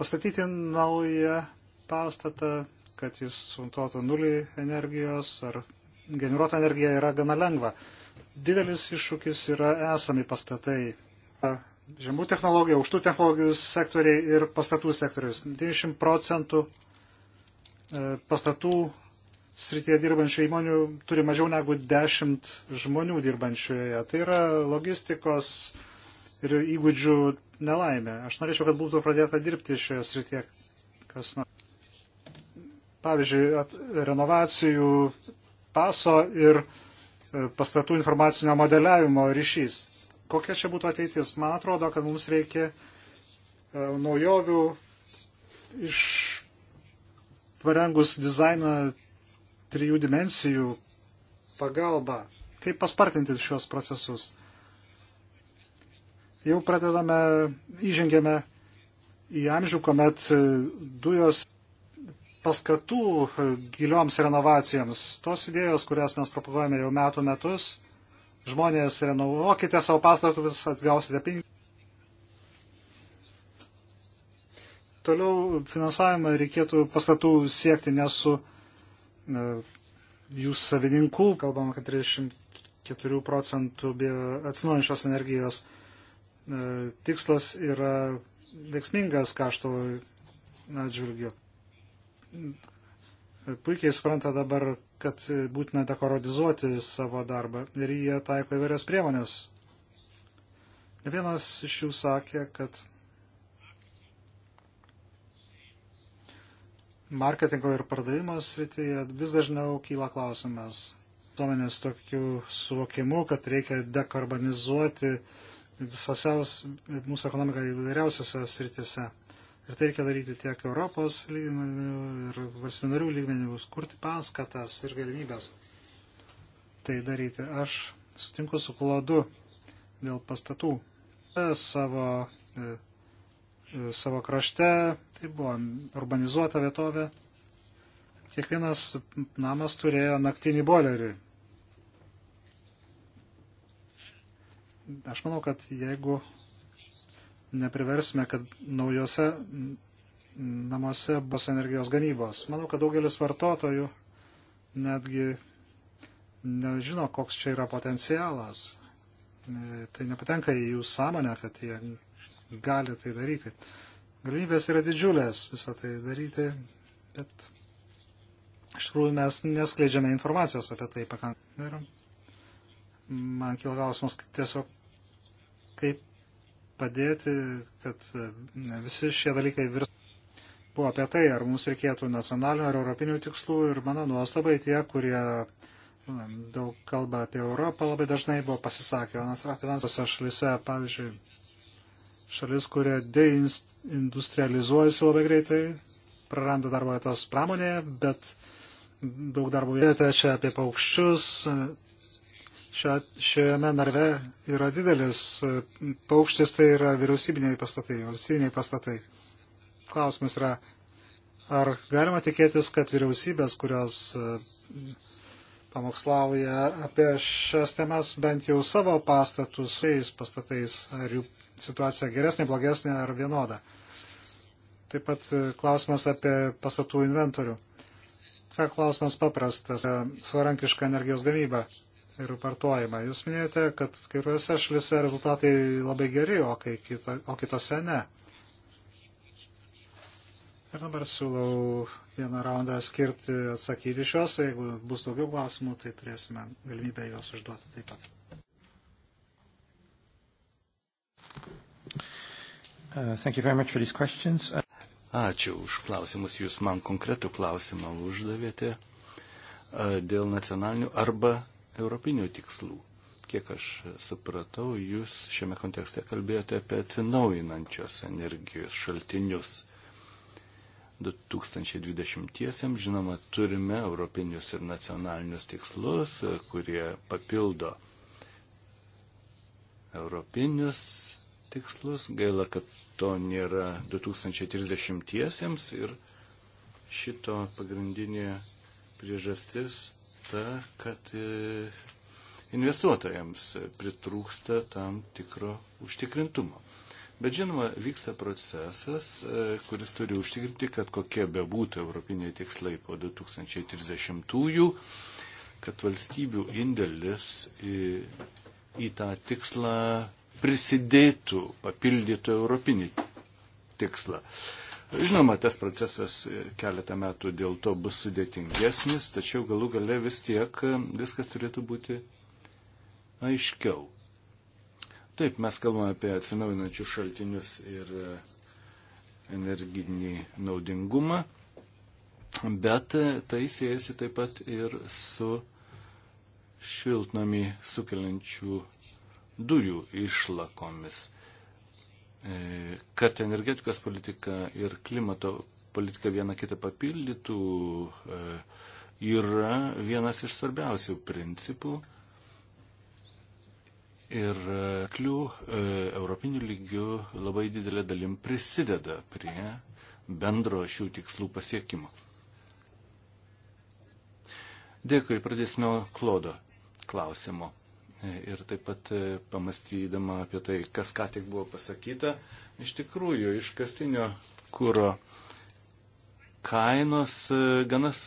Pastatyti naują pastatą kad jis suntotų nulį energijos ar generuota energija yra gana lengva. Didelis iššūkis yra esami pastatai. Žemų technologijų, aukštų technologijų sektoriai ir pastatų sektorius. 90 procentų e, pastatų srityje dirbančių įmonių turi mažiau negu 10 žmonių dirbančioje. Tai yra logistikos ir įgūdžių nelaimė. Aš norėčiau, kad būtų pradėta dirbti šioje srityje kas nors. Pavyzdžiui, at, renovacijų paso ir e, pastatų informacinio modeliavimo ryšys. Kokia čia būtų ateitis? Man atrodo, kad mums reikia e, naujovių iš parengus dizainą trijų dimensijų pagalba. Kaip paspartinti šios procesus? Jau pradedame, įžengėme į amžių, kuomet dujos paskatų e, gilioms renovacijoms. Tos idėjos, kurias mes propaguojame jau metų metus, žmonės renovuokite savo pastatus, atgausite pinigų. Toliau finansavimą reikėtų pastatų siekti ne su e, jų savininkų, kalbam, kad 34 procentų atsinaujančios energijos e, tikslas yra veiksmingas kašto atžvilgiu puikiai supranta dabar, kad būtina dekorodizuoti savo darbą ir jie taiko įvairias priemonės. Ne vienas iš jų sakė, kad marketingo ir pardavimo srityje vis dažniau kyla klausimas. Tuomenės tokiu suvokimu, kad reikia dekarbonizuoti visose mūsų ekonomikoje įvairiausiose srityse. Ir tai reikia daryti tiek Europos lygmenių ir valstybinarių lygmenių, kurti paskatas ir galimybės tai daryti. Aš sutinku su klodu dėl pastatų. E, savo, e, e, savo krašte, tai buvo urbanizuota vietovė, kiekvienas namas turėjo naktinį boilerį. Aš manau, kad jeigu nepriversime, kad naujose namuose bus energijos gamybos. Manau, kad daugelis vartotojų netgi nežino, koks čia yra potencialas. Tai nepatenka į jų sąmonę, kad jie gali tai daryti. Galimybės yra didžiulės visą tai daryti, bet iš tikrųjų mes neskleidžiame informacijos apie tai pakankamai. Ir man kila klausimas tiesiog, kaip padėti, kad e, visi šie dalykai virs. Buvo apie tai, ar mums reikėtų nacionalinių ar europinių tikslų ir mano nuostabai tie, kurie e, daug kalba apie Europą, labai dažnai buvo pasisakę apie nacionalinėse šalise, pavyzdžiui, šalis, kurie deindustrializuojasi labai greitai, praranda darbo vietas pramonėje, bet daug darbo vietą čia apie paukščius, šia, šiame narve yra didelis e, paukštis, tai yra vyriausybiniai pastatai, valstybiniai pastatai. Klausimas yra, ar galima tikėtis, kad vyriausybės, kurios e, pamokslauja apie šias temas, bent jau savo pastatus, šiais pastatais, ar jų situacija geresnė, blogesnė ar vienoda. Taip pat e, klausimas apie pastatų inventorių. Ką klausimas paprastas? Svarankiška energijos gamyba ir vartojimą. Jūs minėjote, kad kai kuriuose šalise rezultatai labai geri, o, kito, o kitose ne. Ir dabar siūlau vieną raundą skirti atsakyti šios, jeigu bus daugiau klausimų, tai turėsime galimybę juos užduoti taip pat. Uh, Ačiū už klausimus. Jūs man konkretų klausimą uždavėte uh, dėl nacionalinių arba europinių tikslų. Kiek aš supratau, jūs šiame kontekste kalbėjote apie atsinaujinančios energijos šaltinius. 2020-iesiam, žinoma, turime europinius ir nacionalinius tikslus, kurie papildo europinius tikslus. Gaila, kad to nėra 2030-iesiems ir šito pagrindinė priežastis ta, kad e, investuotojams pritrūksta tam tikro užtikrintumo. Bet žinoma, vyksta procesas, e, kuris turi užtikrinti, kad kokie bebūtų europiniai tikslai po 2030-ųjų, kad valstybių indėlis į, į tą tikslą prisidėtų, papildytų europinį tikslą. Uh, Žinoma, tas procesas keletą metų dėl to bus sudėtingesnis, tačiau galų gale vis tiek viskas turėtų būti aiškiau. Taip, mes kalbame apie atsinaujinančius šaltinius ir e, energinį naudingumą, bet e, tai siejasi taip pat ir su šiltnami sukeliančių dujų išlakomis. E, kad energetikos politika ir klimato politika viena kitą papildytų, e, yra vienas iš svarbiausių principų. Ir klių e, europinių lygių labai didelė dalim prisideda prie bendro šių tikslų pasiekimo. Dėkui, pradėsime nuo klodo klausimo ir taip pat e, pamastydama apie tai, kas ką tik buvo pasakyta, iš tikrųjų iškastinio kūro kainos e, ganas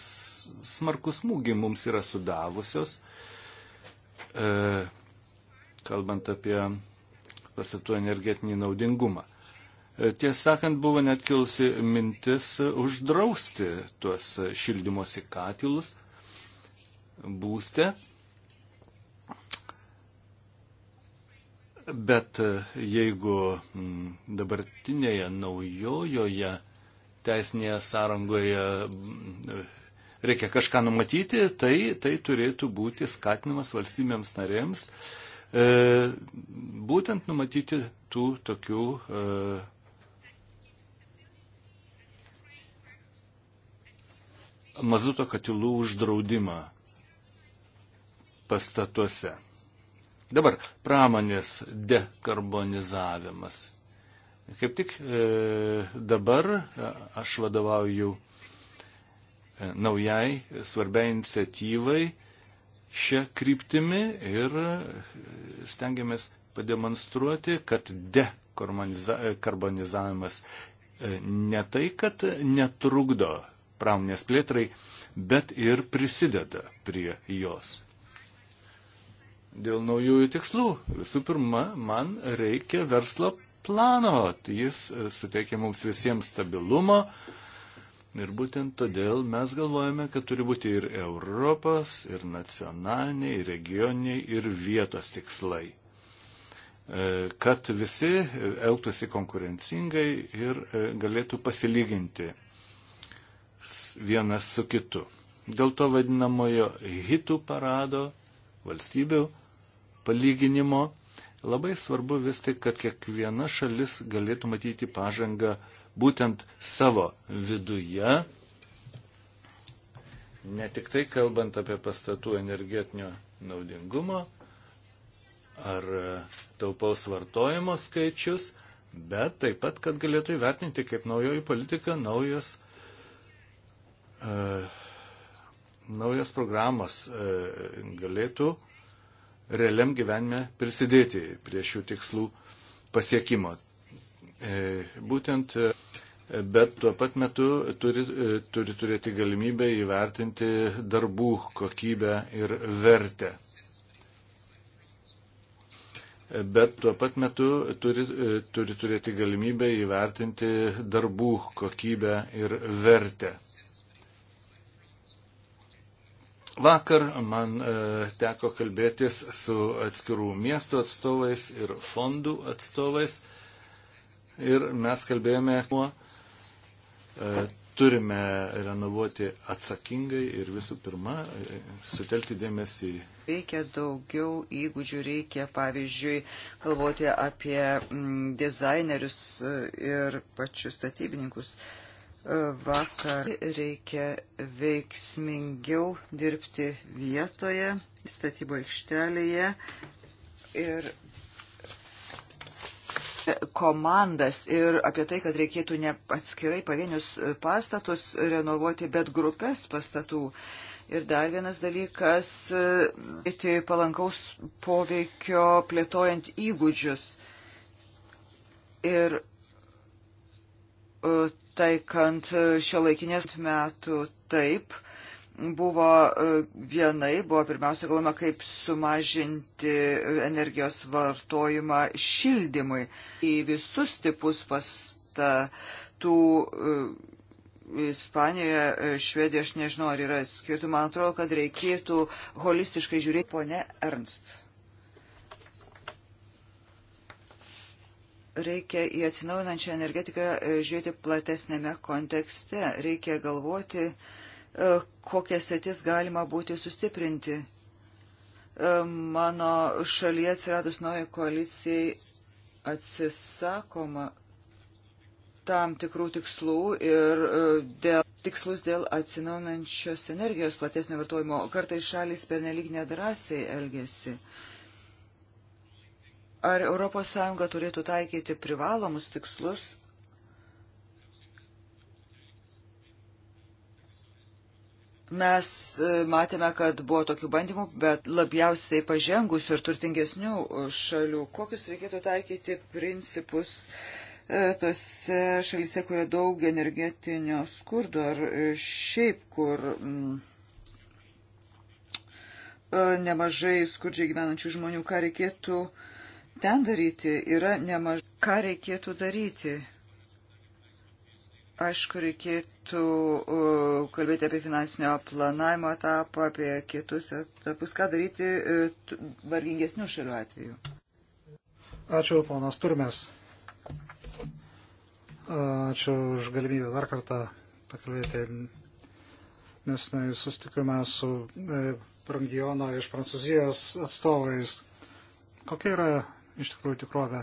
smarkus smūgį mums yra sudavusios. E, kalbant apie pasatų energetinį naudingumą. Tiesą sakant, buvo net kilsi mintis uždrausti tuos šildymosi katilus būste, Bet e, jeigu mm, dabartinėje naujojoje teisinėje sąrangoje mm, e, reikia kažką numatyti, tai, tai turėtų būti skatinimas valstybėms narėms e, būtent numatyti tų tokių e, mazuto katilų uždraudimą pastatuose. Dabar pramonės dekarbonizavimas. Kaip tik e, dabar e, aš vadovauju e, naujai svarbiai iniciatyvai šią kryptimį ir e, stengiamės pademonstruoti, kad dekarbonizavimas ne tai, kad netrukdo pramonės plėtrai, bet ir prisideda prie jos dėl naujųjų tikslų. Visų pirma, man reikia verslo plano. Jis e, suteikia mums visiems stabilumo. Ir būtent todėl mes galvojame, kad turi būti ir Europos, ir nacionaliniai, ir regioniniai, ir vietos tikslai. E, kad visi elgtųsi konkurencingai ir e, galėtų pasilyginti vienas su kitu. Dėl to vadinamojo hitų parado valstybių palyginimo, labai svarbu vis tik, kad kiekviena šalis galėtų matyti pažangą būtent savo viduje, ne tik tai kalbant apie pastatų energetinio naudingumo ar taupaus vartojimo skaičius, bet taip pat, kad galėtų įvertinti, kaip naujoji politika naujos uh, naujos programos e, galėtų realiam gyvenime prisidėti prie šių tikslų pasiekimo. E, būtent, e, bet tuo pat metu turi, turi turėti galimybę įvertinti darbų kokybę ir vertę. Bet tuo pat metu turi, turi turėti galimybę įvertinti darbų kokybę ir vertę. Vakar man e, teko kalbėtis su atskirų miestų atstovais ir fondų atstovais ir mes kalbėjome, kuo e, turime renovuoti atsakingai ir visų pirma e, sutelkti dėmesį. Reikia daugiau įgūdžių, reikia pavyzdžiui galvoti apie mm, dizainerius ir pačius statybininkus. Mm, vakar reikia veiksmingiau dirbti vietoje, statybo aikštelėje ir komandas ir apie tai, kad reikėtų ne atskirai pavienius pastatus renovuoti, bet grupės pastatų. Ir dar vienas dalykas - palankaus poveikio plėtojant įgūdžius. Ir e, taikant e, šio laikinės metų taip, buvo e, vienai, buvo pirmiausia galvoma, kaip sumažinti energijos vartojimą šildymui. Į visus tipus pastatų e, Ispanijoje, Švedijoje, aš nežinau, ar yra skirtumų, man atrodo, kad reikėtų holistiškai žiūrėti. Pone Ernst. reikia į atsinaujinančią energetiką e, žiūrėti platesnėme kontekste. Reikia galvoti, e, kokias sėtis galima būti sustiprinti. E, mano šalyje atsiradus naujai koalicijai atsisakoma tam tikrų tikslų ir dėl, tikslus dėl atsinaujinančios energijos platesnio vartojimo. Kartais šalis pernelyg nedrasiai elgesi. Uh, Ar ES turėtų taikyti privalomus tikslus? Mes e, matėme, kad buvo tokių bandymų, bet labiausiai pažengusių ir turtingesnių šalių. Kokius reikėtų taikyti principus e, tose šalyse, kurio daug energetinio skurdo ar šiaip, kur m, mm, e, nemažai skurdžiai gyvenančių žmonių, ką reikėtų uh, ten daryti yra nemažai. Ką reikėtų daryti? Aišku, reikėtų uh, kalbėti apie finansinio planavimo etapą, apie kitus etapus, ką daryti uh, vargingesnių šalių atveju. Ačiū, ponas Turmes. Ačiū už galimybę dar kartą pakalbėti nes susitikome su Brangiono e, iš Prancūzijos atstovais. Kokia yra iš tikrųjų tikrovę.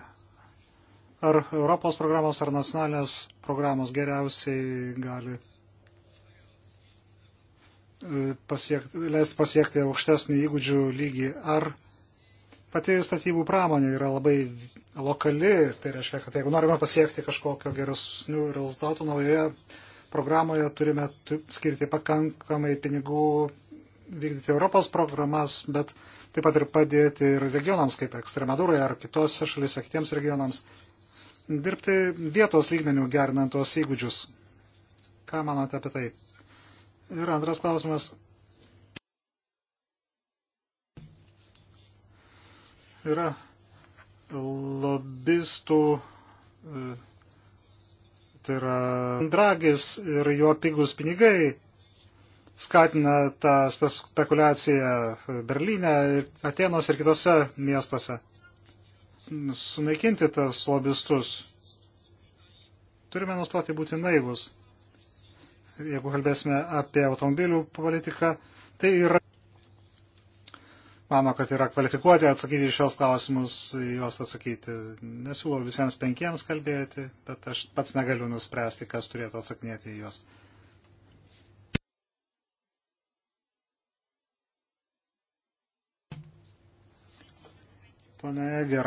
Ar Europos programos ar nacionalinės programos geriausiai gali e, pasiekti, leisti pasiekti aukštesnį įgūdžių lygį, ar pati statybų pramonė yra labai lokali, tai reiškia, kad jeigu norime pasiekti kažkokio geresnių rezultatų naujoje programoje, turime skirti pakankamai pinigų vykdyti Europos programas, bet taip pat ir padėti ir regionams kaip Ekstremadūroje ar kitose šalise, kitiems regionams, dirbti vietos lygmenių gerinant tuos įgūdžius. Ką manote apie tai? Ir antras klausimas. Yra lobistų, e, tai yra dragis ir jo pigus pinigai skatina tą spekulaciją Berlyne, Atenos ir kitose miestuose. Sunaikinti tas lobistus. Turime nustoti būti naivus. Jeigu kalbėsime apie automobilių politiką, tai yra. Mano, kad yra kvalifikuoti atsakyti šios klausimus, juos atsakyti. Nesiūlau visiems penkiems kalbėti, bet aš pats negaliu nuspręsti, kas turėtų atsakinėti į juos. Pane Eger,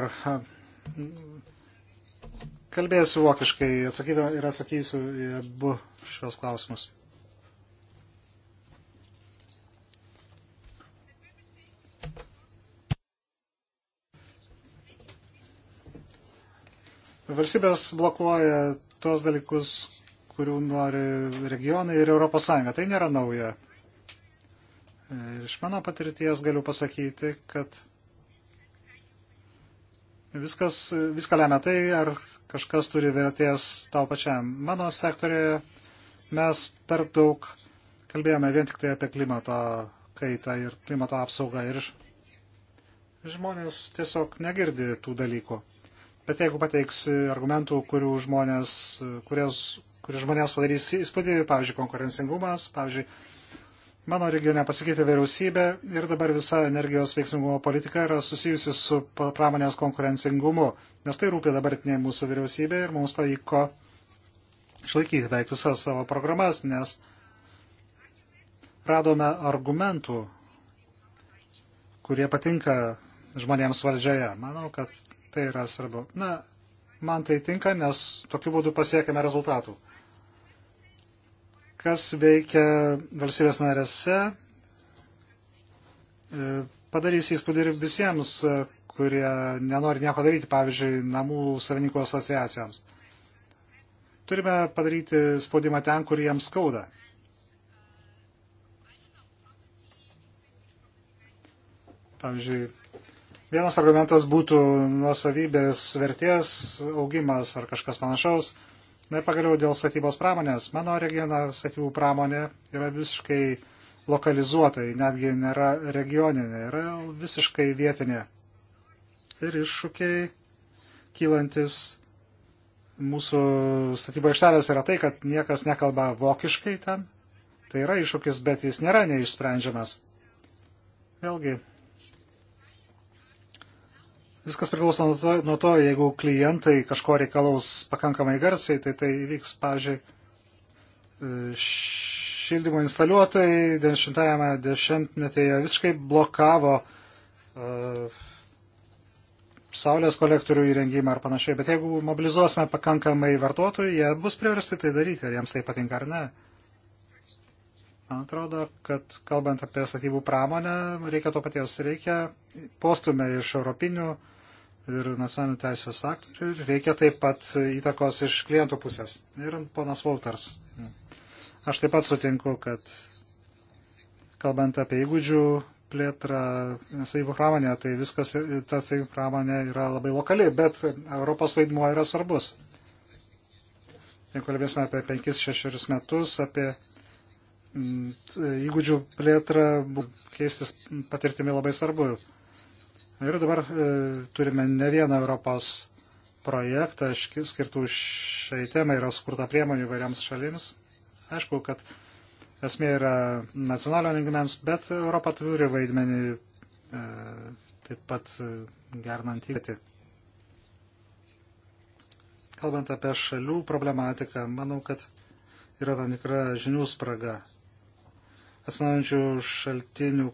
kalbėsiu vokiškai atsakydama ir atsakysiu į abu šios klausimus. Valstybės blokuoja tuos dalykus, kurių nori regionai ir ES. Tai nėra nauja. Ir iš mano patirties galiu pasakyti, kad Viskas, viską lemia tai, ar kažkas turi vertės tau pačiam. Mano sektorėje mes per daug kalbėjome vien tik tai apie klimato kaitą ir klimato apsaugą ir žmonės tiesiog negirdi tų dalykų. Bet jeigu pateiksi argumentų, kurių žmonės, kurios, kurių žmonės padarys įspūdį, pavyzdžiui, konkurencingumas, pavyzdžiui, Mano regione pasikeitė vyriausybė ir dabar visa energijos veiksmingumo politika yra susijusi su pramonės konkurencingumu, nes tai rūpia dabartinė mūsų vyriausybė ir mums pavyko išlaikyti beveik visas savo programas, nes radome argumentų, kurie patinka žmonėms valdžioje. Manau, kad tai yra svarbu. Na, man tai tinka, nes tokiu būdu pasiekime rezultatų kas veikia valstybės narėse, e, padarys įspūdį ir visiems, e, kurie nenori nieko daryti, pavyzdžiui, namų savininkų asociacijoms. Turime padaryti spaudimą ten, kur jiems skauda. Pavyzdžiui, vienas argumentas būtų nuosavybės vertės augimas ar kažkas panašaus. Na ir pagaliau dėl statybos pramonės. Mano regiono statybų pramonė yra visiškai lokalizuotai, netgi nėra regioninė, yra visiškai vietinė. Ir iššūkiai kylantis mūsų statybo aikštelės yra tai, kad niekas nekalba vokiškai ten. Tai yra iššūkis, bet jis nėra neišsprendžiamas. Vėlgi, Viskas priklauso nuo to, nuo to, jeigu klientai kažko reikalaus pakankamai garsiai, tai tai vyks, pavyzdžiui, e, šildymo instaliuotojai 90-ame dešimtmetyje visiškai blokavo uh, saulės kolektorių įrengimą ar panašiai, bet jeigu mobilizuosime pakankamai vartotojų, jie bus priversti tai daryti, ar jiems tai patinka ar ne. Man atrodo, kad kalbant apie statybų pramonę, reikia to paties, reikia postumę iš europinių uh, ir nacionalinių teisės aktų ir reikia taip pat įtakos iš klientų pusės. Ir ponas Vautars. Aš taip pat sutinku, kad kalbant apie įgūdžių plėtrą statybų pramonė, tai viskas, ta statybų pramonė yra labai lokali, bet Europos vaidmuo yra svarbus. Jeigu kalbėsime apie 5-6 metus, apie mm, įgūdžių plėtrą, keistis patirtimi labai svarbu. Ir dabar e, turime ne vieną Europos projektą skirtų šiai temai, yra skurta priemonių įvairiams šalims. Aišku, kad esmė yra nacionalinio lygmens, bet Europa turi vaidmenį e, taip pat e, gernant įvėti. Kalbant apie šalių problematiką, manau, kad yra tam tikra žinių spraga. Atsinaujančių šaltinių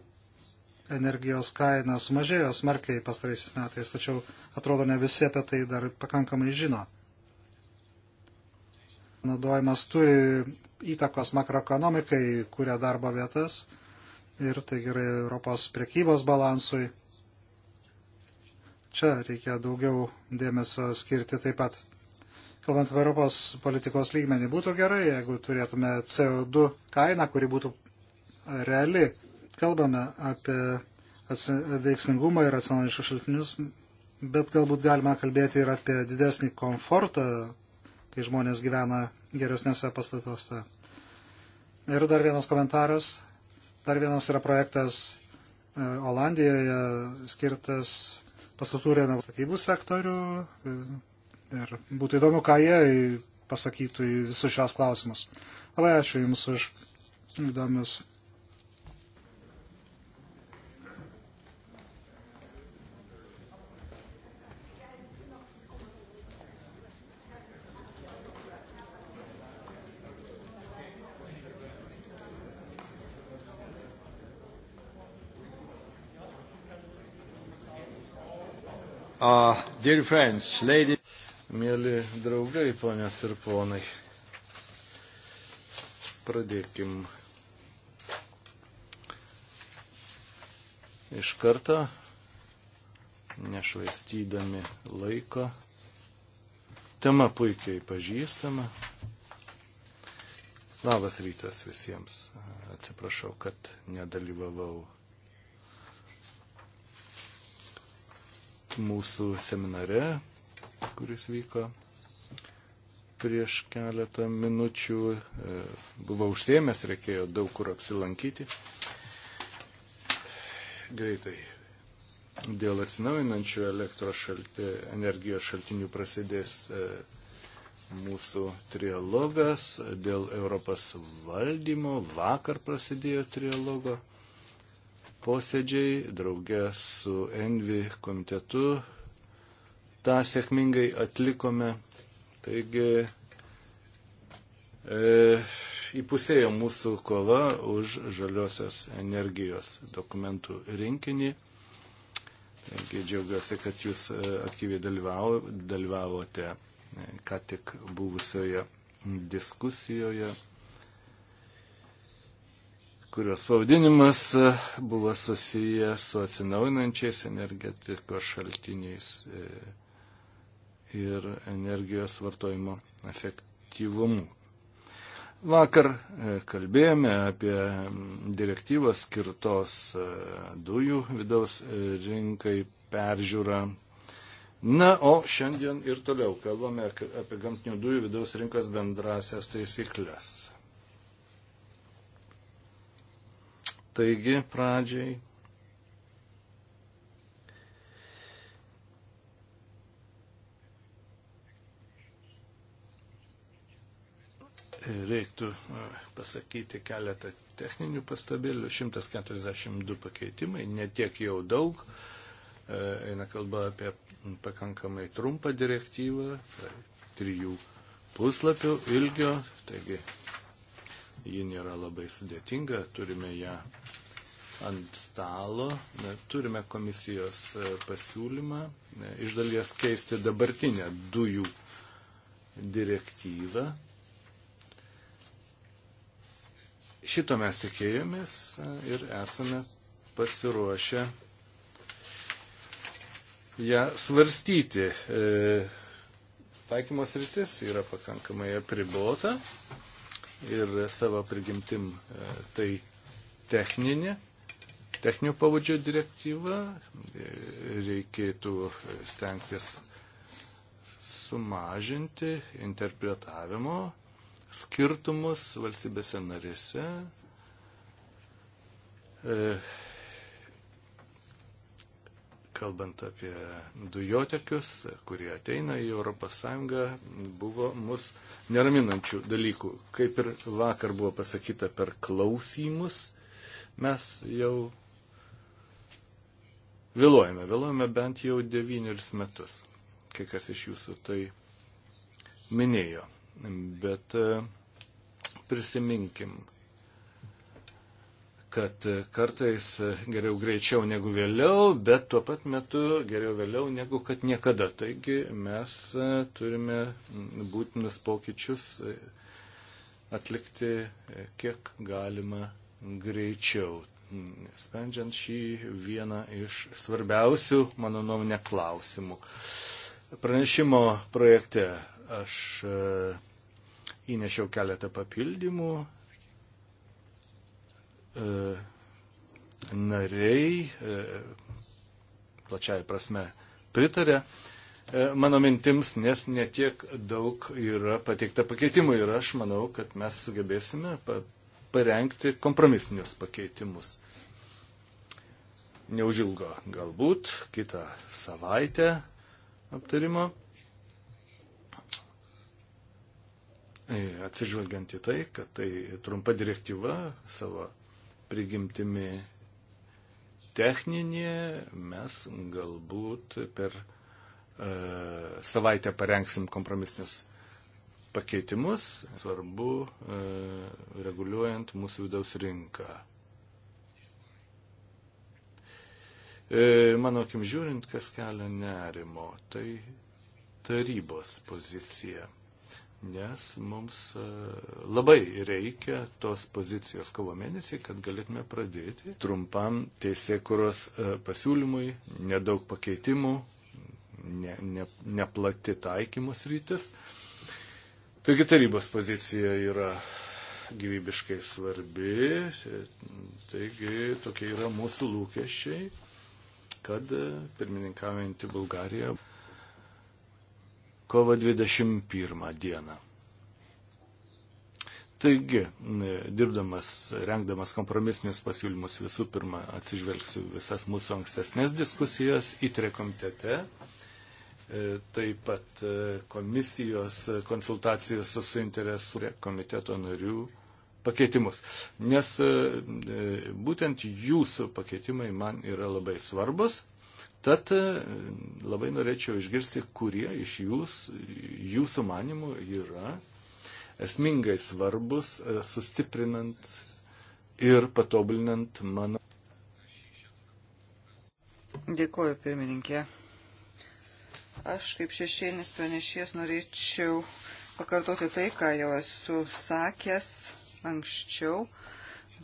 energijos kaina sumažėjo smarkiai pastaraisiais metais, tačiau atrodo ne visi apie tai dar pakankamai žino. Naudojimas turi įtakos makroekonomikai, kuria darbo vietas ir tai gerai Europos priekybos balansui. Čia reikia daugiau dėmesio skirti taip pat. Kalbant apie Europos politikos lygmenį, būtų gerai, jeigu turėtume CO2 kainą, kuri būtų reali kalbame apie veiksmingumą ir atsinaujinančius šaltinius, bet galbūt galima kalbėti ir apie didesnį komfortą, kai žmonės gyvena geresnėse pastatuose. Ir dar vienas komentaras, dar vienas yra projektas e, Olandijoje skirtas pastatų renovų statybų sektorių e, ir būtų įdomu, ką jie pasakytų į visus šios klausimus. Labai ačiū Jums už įdomius Uh, dear friends, lady... Mėly draugai, ponios ir ponai, pradėkim iš karto, nešvaistydami laiko. Tema puikiai pažįstama. Labas rytas visiems. Atsiprašau, kad nedalyvavau mūsų seminare, kuris vyko prieš keletą minučių. E, Buvau užsiemęs, reikėjo daug kur apsilankyti. Greitai. Dėl atsinaujinančių elektros šalti, energijos šaltinių prasidės e, mūsų trialogas dėl Europos valdymo. Vakar prasidėjo trialogo posėdžiai draugė su Envi komitetu. Ta sėkmingai atlikome. Taigi e, įpusėjo mūsų kova už žaliosios energijos dokumentų rinkinį. Taigi džiaugiuosi, kad jūs e, aktyviai dalyvavote e, ką tik buvusioje diskusijoje kurios pavadinimas e, buvo susijęs su atsinaujinančiais energetikos šaltiniais e, ir energijos vartojimo efektyvumu. Vakar e, kalbėjome apie direktyvos skirtos dujų vidaus rinkai peržiūrą. Na, o šiandien ir toliau kalbame apie gamtinių dujų vidaus rinkos bendrasias taisyklės. Taigi pradžiai reiktų e, pasakyti keletą techninių pastabėlių. 142 pakeitimai, netiek jau daug. E, eina kalba apie pakankamai trumpą direktyvą, tai trijų puslapių ilgio, taigi ji nėra labai sudėtinga, turime ją ant stalo, turime komisijos e, pasiūlymą e, iš dalies keisti dabartinę dujų direktyvą. Šito mes tikėjomės e, ir esame pasiruošę ją svarstyti. Taikymos rytis yra pakankamai apribota ir savo prigimtim e, tai techninė, techninio pavadžio direktyva, e, reikėtų stengtis sumažinti interpretavimo skirtumus valstybėse narėse. E, kalbant apie dujotekius, kurie ateina į ES, buvo mus neraminančių dalykų. Kaip ir vakar buvo pasakyta per klausimus, mes jau vėluojame, vėluojame bent jau devynerius metus. Kai kas iš jūsų tai minėjo. Bet e, prisiminkim, kad kartais geriau greičiau negu vėliau, bet tuo pat metu geriau vėliau negu kad niekada. Taigi mes turime būtinus pokyčius atlikti kiek galima greičiau, sprendžiant šį vieną iš svarbiausių, mano nuomonė, klausimų. Pranešimo projekte aš e, įnešiau keletą papildymų E, nariai e, plačiai prasme pritarė e, mano mintims, nes netiek daug yra pateikta pakeitimų ir aš manau, kad mes sugebėsime parengti kompromisinius pakeitimus. Neužilgo galbūt kitą savaitę aptarimo. Atsižvelgiant į tai, kad tai trumpa direktyva savo prigimtimi techninė, mes galbūt per e, savaitę parengsim kompromisinius pakeitimus, svarbu e, reguliuojant mūsų vidaus rinką. E, mano akim žiūrint, kas kelia nerimo, tai tarybos pozicija nes mums e, labai reikia tos pozicijos kovo mėnesį, kad galėtume pradėti trumpam teisėkuros e, pasiūlymui, nedaug pakeitimų, ne, ne, neplati taikymus rytis. Taigi tarybos pozicija yra gyvybiškai svarbi, e, taigi tokie yra mūsų lūkesčiai, kad pirmininkaujantį Bulgariją kovo 21 dieną. Taigi, e, dirbdamas, rengdamas kompromisinius pasiūlymus, visų pirma atsižvelgsiu visas mūsų ankstesnės diskusijas įtre komitete, e, taip pat e, komisijos konsultacijos su suinteresu komiteto narių pakeitimus. Nes būtent jūsų pakeitimai man yra labai svarbus. Tad e, labai norėčiau išgirsti, kurie iš jūs, jūsų manimų yra esmingai svarbus, e, sustiprinant ir patobulinant mano. Dėkuoju, pirmininkė. Aš kaip šešėlinis pranešėjas norėčiau pakartoti tai, ką jau esu sakęs anksčiau.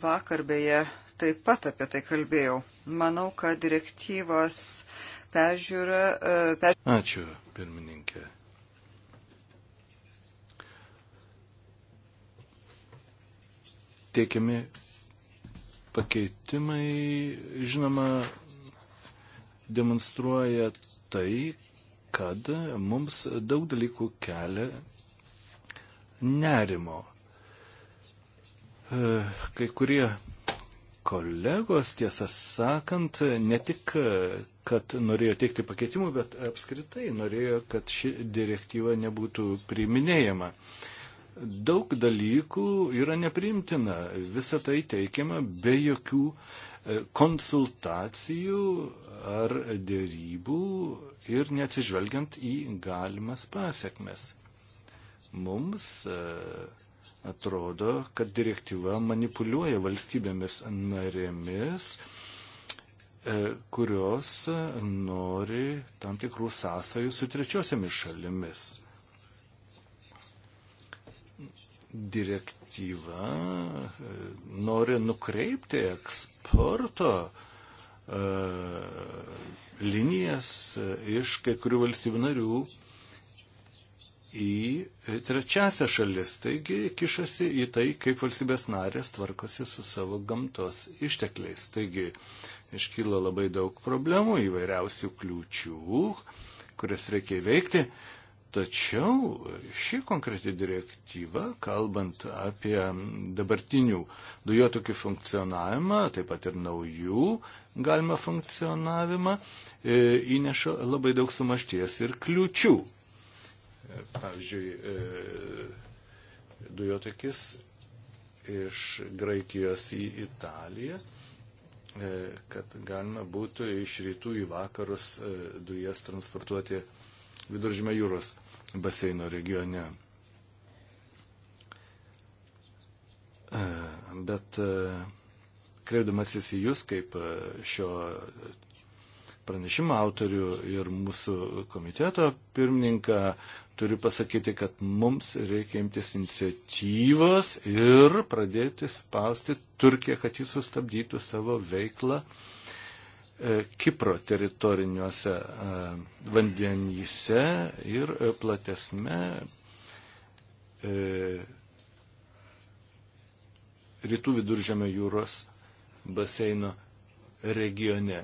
Vakar beje taip pat apie tai kalbėjau. Manau, kad direktyvos peržiūra. E, per... Ačiū, pirmininkė. Tiekiami pakeitimai, žinoma, demonstruoja tai, kad mums daug dalykų kelia nerimo. E, kai kurie kolegos, tiesą sakant, ne tik, kad norėjo teikti pakeitimų, bet apskritai norėjo, kad ši direktyva nebūtų priminėjama. Daug dalykų yra nepriimtina, visa tai teikiama be jokių e, konsultacijų ar dėrybų ir neatsižvelgiant į galimas pasiekmes. Mums uh, Atrodo, kad direktyva manipuliuoja valstybėmis narėmis, e, kurios nori tam tikrų sąsajų su trečiosiamis šalimis. Direktyva e, nori nukreipti eksporto e, linijas iš kai kurių valstybių narių į trečiasią šalis, taigi kišasi į tai, kaip valstybės narės tvarkosi su savo gamtos ištekliais. Taigi iškyla labai daug problemų, įvairiausių kliūčių, kurias reikia įveikti. Tačiau ši konkreti direktyva, kalbant apie dabartinių dujotokių funkcionavimą, taip pat ir naujų galima funkcionavimą, e, įneša labai daug sumašties ir kliūčių. E, pavyzdžiui, e, dujotekis iš Graikijos į Italiją, e, kad galima būtų iš rytų į vakarus dujas transportuoti viduržymė jūros baseino regione. Bet kreipdamasis į Jūs kaip šio pranešimo autorių ir mūsų komiteto pirmininką, turiu pasakyti, kad mums reikia imtis iniciatyvos ir pradėti spausti Turkiją, kad jis sustabdytų savo veiklą e, Kipro teritoriniuose e, vandenyse ir e, platesme e, rytų viduržėmio jūros baseino regione.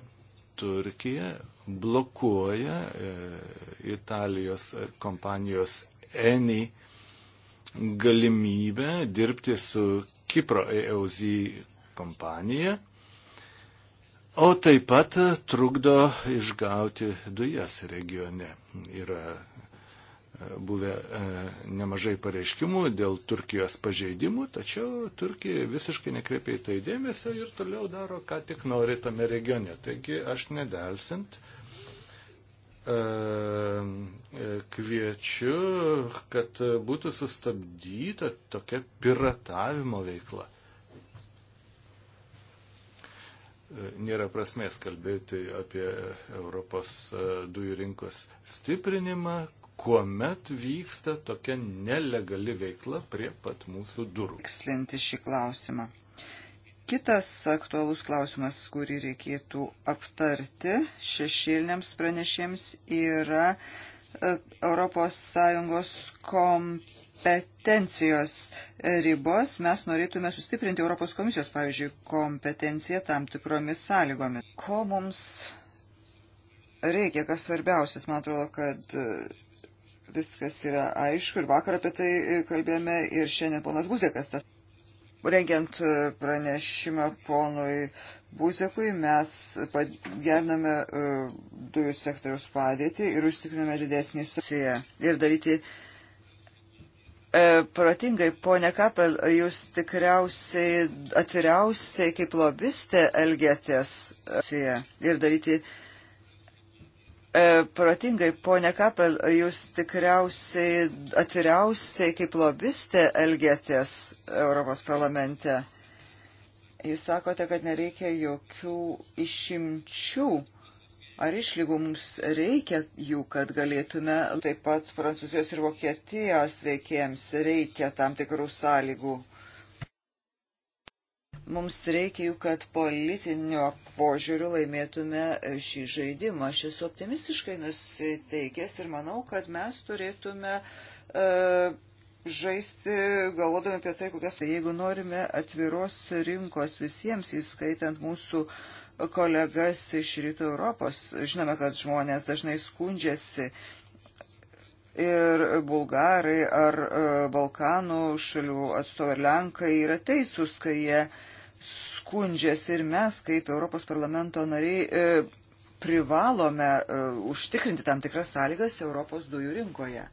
Turkija blokuoja e, Italijos kompanijos ENI galimybę dirbti su Kipro EOZ kompanija, o taip pat trukdo išgauti dujas regione. Yra e, buvę e, nemažai pareiškimų dėl Turkijos pažeidimų, tačiau Turkija visiškai nekreipia į tai dėmesio ir toliau daro, ką tik nori tame regione. Taigi aš nedelsint E, e, kviečiu, kad būtų sustabdyta tokia piratavimo veikla. E, nėra prasmės kalbėti apie Europos dujų rinkos stiprinimą, kuomet vyksta tokia nelegali veikla prie pat mūsų durų. Tikslinti šį klausimą. Kitas aktualus klausimas, kurį reikėtų aptarti šešėliniams pranešėms, yra ES kompetencijos ribos. Mes norėtume sustiprinti Europos komisijos, pavyzdžiui, kompetenciją tam tikromis sąlygomis. Ko mums reikia, kas svarbiausias, man atrodo, kad e, viskas yra aišku ir vakar apie tai kalbėjome ir šiandien ponas Guzekas tas rengiant e, pranešimą ponui Buzekui, mes gername e, dujų sektoriaus padėtį ir užtikriname didesnį sąsiją ir daryti e, protingai. Pone Kapel, jūs tikriausiai atviriausiai kaip lobistė elgėtės e, sąsiją ir daryti protingai E, protingai, ponia Kapel, jūs tikriausiai atviriausiai kaip lobistė elgėtės Europos parlamente. Jūs sakote, kad nereikia jokių išimčių ar išlygų mums reikia jų, kad galėtume taip pat Prancūzijos ir Vokietijos veikėjams reikia tam tikrų sąlygų. Mums reikia jų, kad politinio požiūriu laimėtume šį žaidimą. Aš esu optimistiškai nusiteikęs ir manau, kad mes turėtume uh, žaisti, galvodami apie tai, kokias. Jeigu norime atviros rinkos visiems, įskaitant mūsų kolegas iš rytų Europos, žinome, kad žmonės dažnai skundžiasi ir bulgarai ar e, Balkanų šalių atstovai Lenkai yra teisūs, kai jie skundžiasi ir mes, kaip Europos parlamento nariai, e, privalome e, užtikrinti tam tikras sąlygas Europos dujų rinkoje.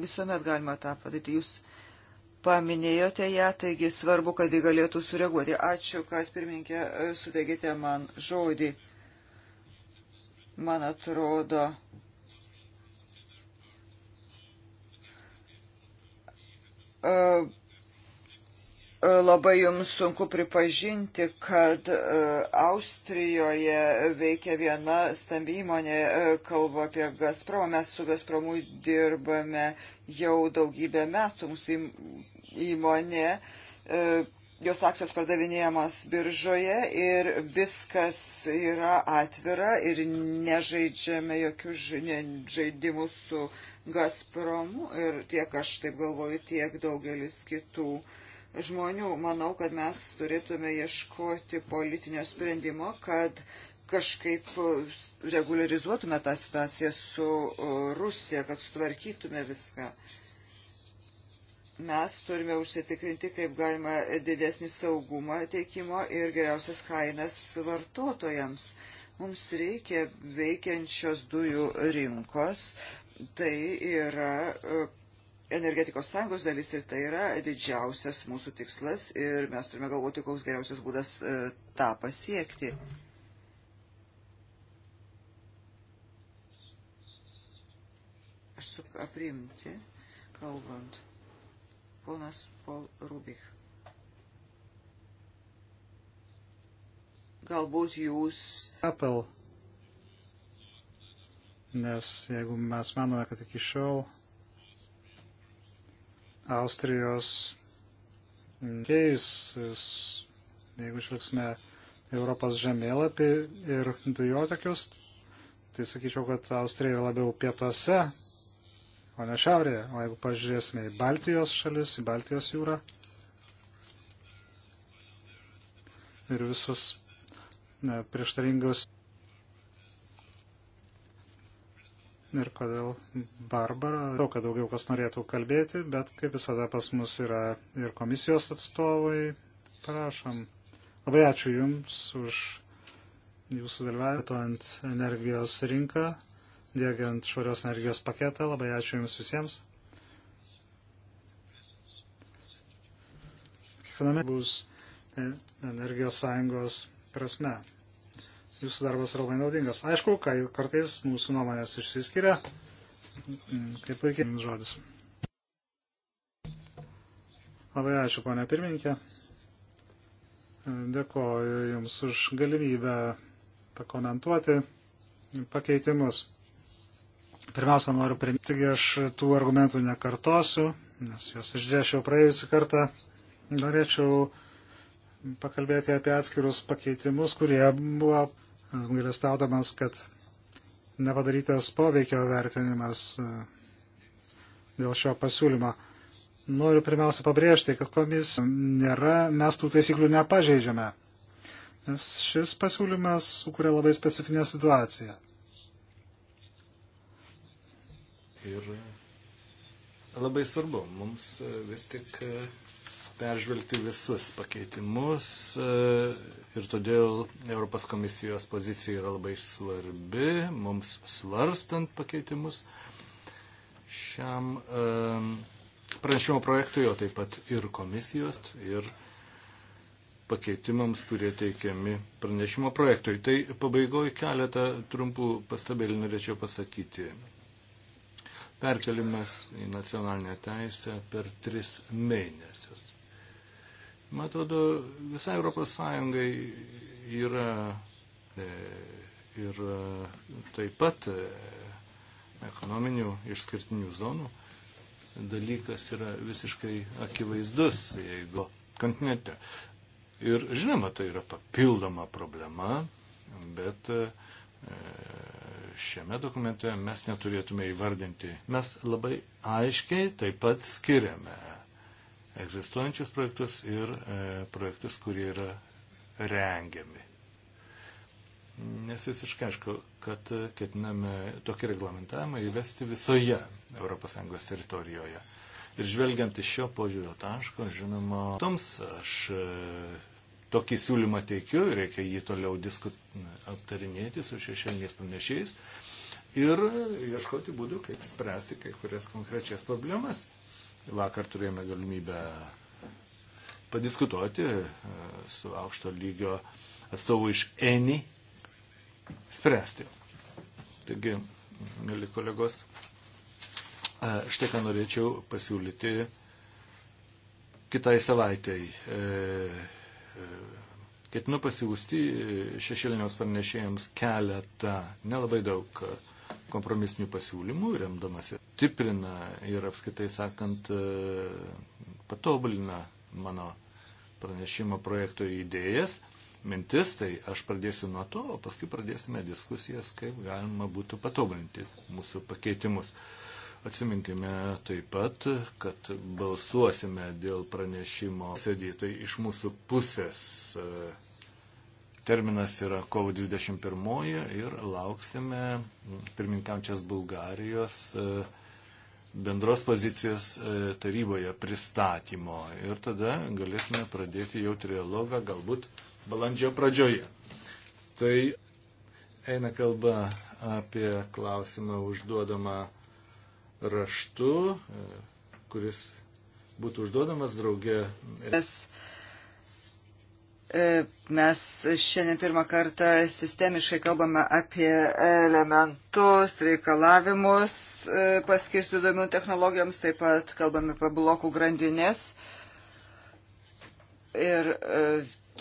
Visuomet galima tą padaryti. Jūs paminėjote ją, taigi svarbu, kad jį galėtų sureaguoti. Ačiū, kad pirmininkė e, suteikėte man žodį. Man atrodo, labai jums sunku pripažinti, kad e, Austrijoje veikia viena stambi įmonė, e, kalbu apie Gazprom, mes su Gazpromu dirbame jau daugybę metų, mūsų įmonė e, jos akcijos pardavinėjamos biržoje ir viskas yra atvira ir nežaidžiame jokių žaidimų su Gazpromu ir tiek aš taip galvoju, tiek daugelis kitų žmonių. Manau, kad mes turėtume ieškoti politinio sprendimo, kad kažkaip regularizuotume tą situaciją su Rusija, kad sutvarkytume viską. Mes turime užsitikrinti, kaip galima didesnį saugumą teikimo ir geriausias kainas vartotojams. Mums reikia veikiančios dujų rinkos. Tai yra energetikos sąjungos dalis ir tai yra didžiausias mūsų tikslas ir mes turime galvoti, koks geriausias būdas e, tą pasiekti. Aš su aprimti, kalbant, ponas Paul Rubik. Galbūt jūs. Apple. Nes jeigu mes manome, kad iki šiol Austrijos keis, jeigu žvelgsime Europos žemėlapį ir dujotekius, tai sakyčiau, kad Austrija yra labiau pietuose, o ne šiaurėje. O jeigu pažiūrėsime į Baltijos šalis, į Baltijos jūrą ir visus prieštaringus ir kodėl Barbara. Daug, kad daugiau kas norėtų kalbėti, bet kaip visada pas mus yra ir komisijos atstovai. Prašom. Labai ačiū Jums už Jūsų dalyvaujant energijos rinką, dėgiant švarios energijos paketą. Labai ačiū Jums visiems. Kiekviename bus energijos sąjungos prasme jūsų darbas yra labai naudingas. Aišku, kai kartais mūsų nuomonės išsiskiria, kaip mm, puikiai jums žodis. Labai ačiū, ponia pirmininkė. Dėkoju Jums už galimybę pakomentuoti pakeitimus. Pirmiausia, noriu priminti, aš tų argumentų nekartosiu, nes juos išdėšiau praėjusį kartą. Norėčiau pakalbėti apie atskirus pakeitimus, kurie buvo galėstaudamas, kad nepadarytas poveikio vertinimas e, dėl šio pasiūlymo. Noriu pirmiausia pabrėžti, kad komisija nėra, mes tų taisyklių nepažeidžiame, nes šis pasiūlymas sukuria labai specifinę situaciją. Ir labai svarbu, mums e, vis tik e, peržvelgti visus pakeitimus e, ir todėl Europos komisijos pozicija yra labai svarbi mums svarstant pakeitimus šiam e, pranešimo projektui, o taip pat ir komisijos ir pakeitimams, kurie teikiami pranešimo projektui. Tai pabaigoje keletą trumpų pastabėlį norėčiau pasakyti perkelimas į nacionalinę teisę per tris mėnesius. Man atrodo, visai Europos Sąjungai yra e, ir e, taip pat e, ekonominių išskirtinių zonų dalykas yra visiškai akivaizdus, jeigu kontinente. Ir žinoma, tai yra papildoma problema, bet šiame dokumente mes neturėtume įvardinti. Mes labai aiškiai taip pat skiriame egzistuojančius projektus ir e, projektus, kurie yra rengiami. Nes visiškai aišku, kad e, ketiname tokį reglamentavimą įvesti visoje ES teritorijoje. Ir žvelgiant iš šio požiūrio taško, žinoma, toms aš e, tokį siūlymą teikiu, reikia jį toliau diskut, aptarinėti su šešėliniais panešiais ir ieškoti būdų, kaip spręsti kai kurias konkrečias problemas. Vakar turėjome galimybę padiskutuoti e, su aukšto lygio atstovu iš ENI spręsti. Taigi, mėly kolegos, e, štai ką norėčiau pasiūlyti kitai savaitai. E, ketinu pasiūsti šešėliniams pranešėjams keletą, nelabai daug kompromisinių pasiūlymų, remdamasi sustiprina ir apskaitai sakant e, patobulina mano pranešimo projekto idėjas, mintis, tai aš pradėsiu nuo to, o paskui pradėsime diskusijas, kaip galima būtų patobulinti mūsų pakeitimus. Atsiminkime taip pat, kad balsuosime dėl pranešimo sėdytai iš mūsų pusės. E, terminas yra kovo 21 ir lauksime pirmininkamčias Bulgarijos uh, bendros pozicijos e, taryboje pristatymo ir tada galėtume pradėti jau trialogą galbūt balandžio pradžioje. Tai eina kalba apie klausimą užduodamą raštu, e, kuris būtų užduodamas draugė. Yes E, mes šiandien pirmą kartą sistemiškai kalbame apie elementus, reikalavimus e, paskirti įdomių technologijoms, taip pat kalbame apie blokų grandinės. Ir e,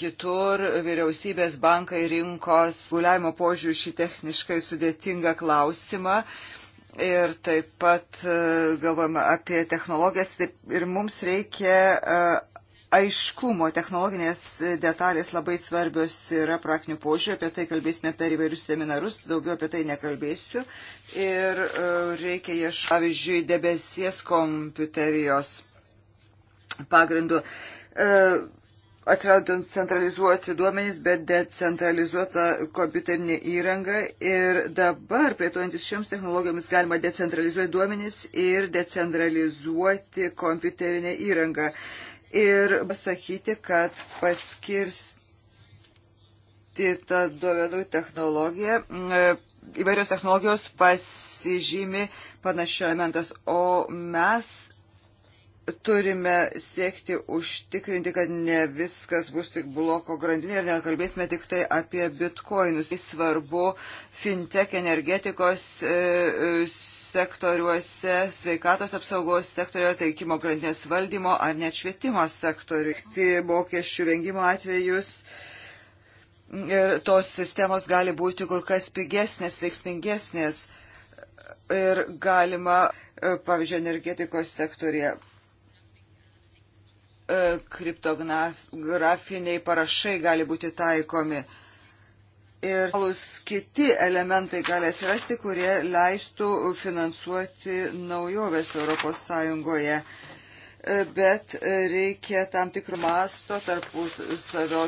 kitur vyriausybės bankai rinkos guliavimo požiūrį šį techniškai sudėtingą klausimą ir taip pat galvojame apie technologijas taip, ir mums reikia aiškumo technologinės detalės labai svarbios yra praktinių požiūrį, apie tai kalbėsime per įvairius seminarus, daugiau apie tai nekalbėsiu. Ir e, reikia ieškoti, pavyzdžiui, debesies kompiuterijos pagrindų. E, atsiradant centralizuoti duomenys, bet decentralizuota kompiuterinė įranga ir dabar, plėtojantis šioms technologijomis, galima decentralizuoti duomenys ir decentralizuoti kompiuterinę įrangą. Uh, ir pasakyti, kad paskirstyta duomenų technologija, e, įvairios technologijos pasižymi panašiai elementas, o mes turime siekti užtikrinti, kad ne viskas bus tik bloko grandinė ir nekalbėsime tik tai apie bitkoinus. Tai svarbu fintech energetikos e, e, sektoriuose, sveikatos apsaugos sektoriuje, taikimo grandinės valdymo ar net švietimo sektoriuje. Tai mokesčių vengimo atvejus. Ir tos sistemos gali būti kur kas pigesnės, veiksmingesnės ir galima, e, pavyzdžiui, energetikos sektorija E, kriptografiniai parašai gali būti taikomi. Ir kiti elementai gali atsirasti, kurie leistų finansuoti naujoves Europos Sąjungoje e, bet reikia tam tikro masto tarpusavio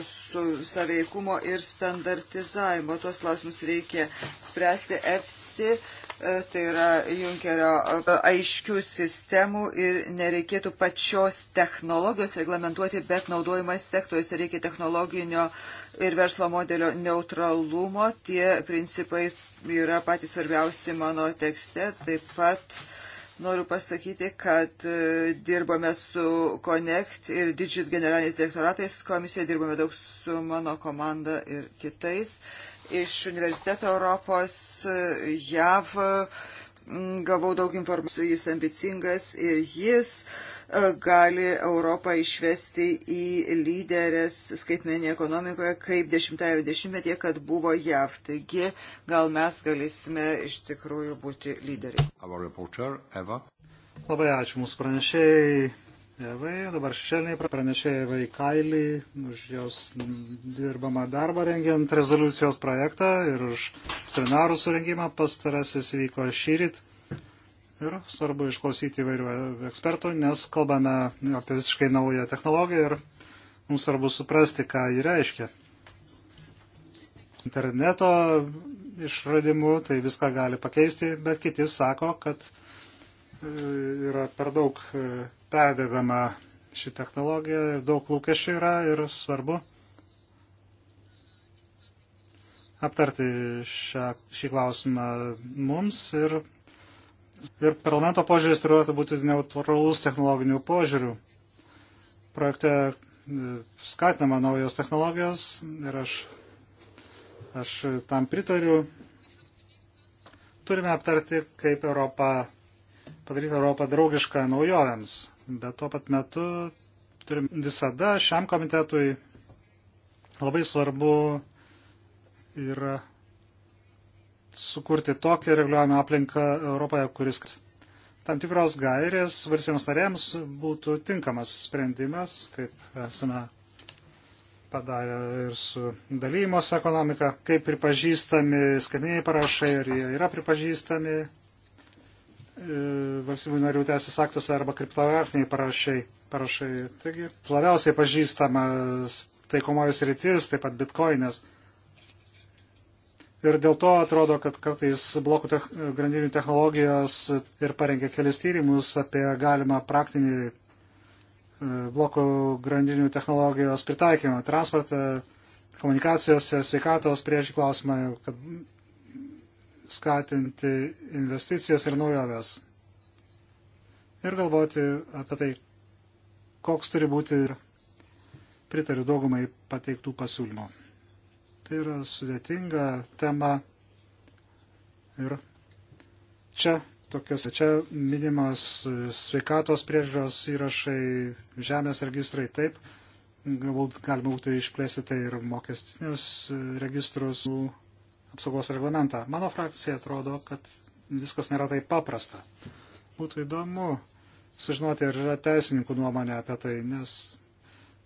saveikumo ir standartizavimo. Tuos klausimus reikia spręsti. EFSI E, tai yra Junkerio e, aiškių sistemų ir nereikėtų pačios technologijos reglamentuoti, bet naudojimas sektoriuose reikia technologinio ir verslo modelio neutralumo. Tie principai yra patys svarbiausi mano tekste. Taip pat noriu pasakyti, kad e, dirbame su Connect ir Digit generaliniais direktoratais, komisijoje dirbame daug su mano komanda ir kitais iš universiteto Europos, JAV, mm, gavau daug informacijų, jis ambicingas ir jis e, gali Europą išvesti į lyderės skaitmenį ekonomikoje kaip 10-20-metyje, kad buvo JAV. Taigi gal mes galėsime iš tikrųjų būti lyderiai. Reporter, Labai ačiū mūsų pranešėjai. Evai, dabar šiandien pranešėjai Evai Kailį už jos dirbamą darbą rengiant rezoliucijos projektą ir už seminarų surengimą pastarasis vyko šyrit. Ir svarbu išklausyti įvairių ekspertų, nes kalbame apie visiškai naują technologiją ir mums svarbu suprasti, ką ji reiškia. Interneto išradimu tai viską gali pakeisti, bet kiti sako, kad yra per daug e, perdedama ši technologija ir daug lūkesčių yra ir svarbu aptarti šią, šį klausimą mums ir, ir parlamento požiūris turėtų būti neutralus technologinių požiūrių. Projekte e, skatinama naujos technologijos ir aš, aš tam pritariu. Turime aptarti, kaip Europa padaryti Europą draugišką naujovėms, bet tuo pat metu turim visada šiam komitetui labai svarbu yra sukurti tokią reguliuojamą aplinką Europoje, kuris tam tikros gairės valstybėms narėms būtų tinkamas sprendimas, kaip esame padarę ir su dalymos ekonomika, kaip pripažįstami skaitiniai parašai, ar jie yra pripažįstami E, valstybių narių teisės aktuose arba kriptografiniai parašai. parašai. Taigi, labiausiai pažįstamas taikomojas rytis, taip pat bitkoinas. Ir dėl to atrodo, kad kartais blokų te grandinių technologijos ir parengė kelis tyrimus apie galimą praktinį e, blokų grandinių technologijos pritaikymą transportą, komunikacijose, sveikatos priežiūrį klausimą, kad skatinti investicijas ir naujoves. Ir galvoti apie tai, koks turi būti ir pritariu daugumai pateiktų pasiūlymų. Tai yra sudėtinga tema ir čia tokios, čia minimas sveikatos priežiūros įrašai, žemės registrai taip, galbūt galima būtų išplėsti tai ir mokestinius registrus apsaugos reglamentą. Mano frakcija atrodo, kad viskas nėra taip paprasta. Būtų įdomu sužinoti, ar yra teisininkų nuomonė apie tai, nes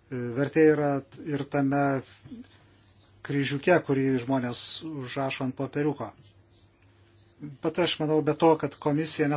e, vertė yra ir tame kryžiuke, kurį žmonės užrašo ant popieriuko. Bet aš manau, be to, kad komisija net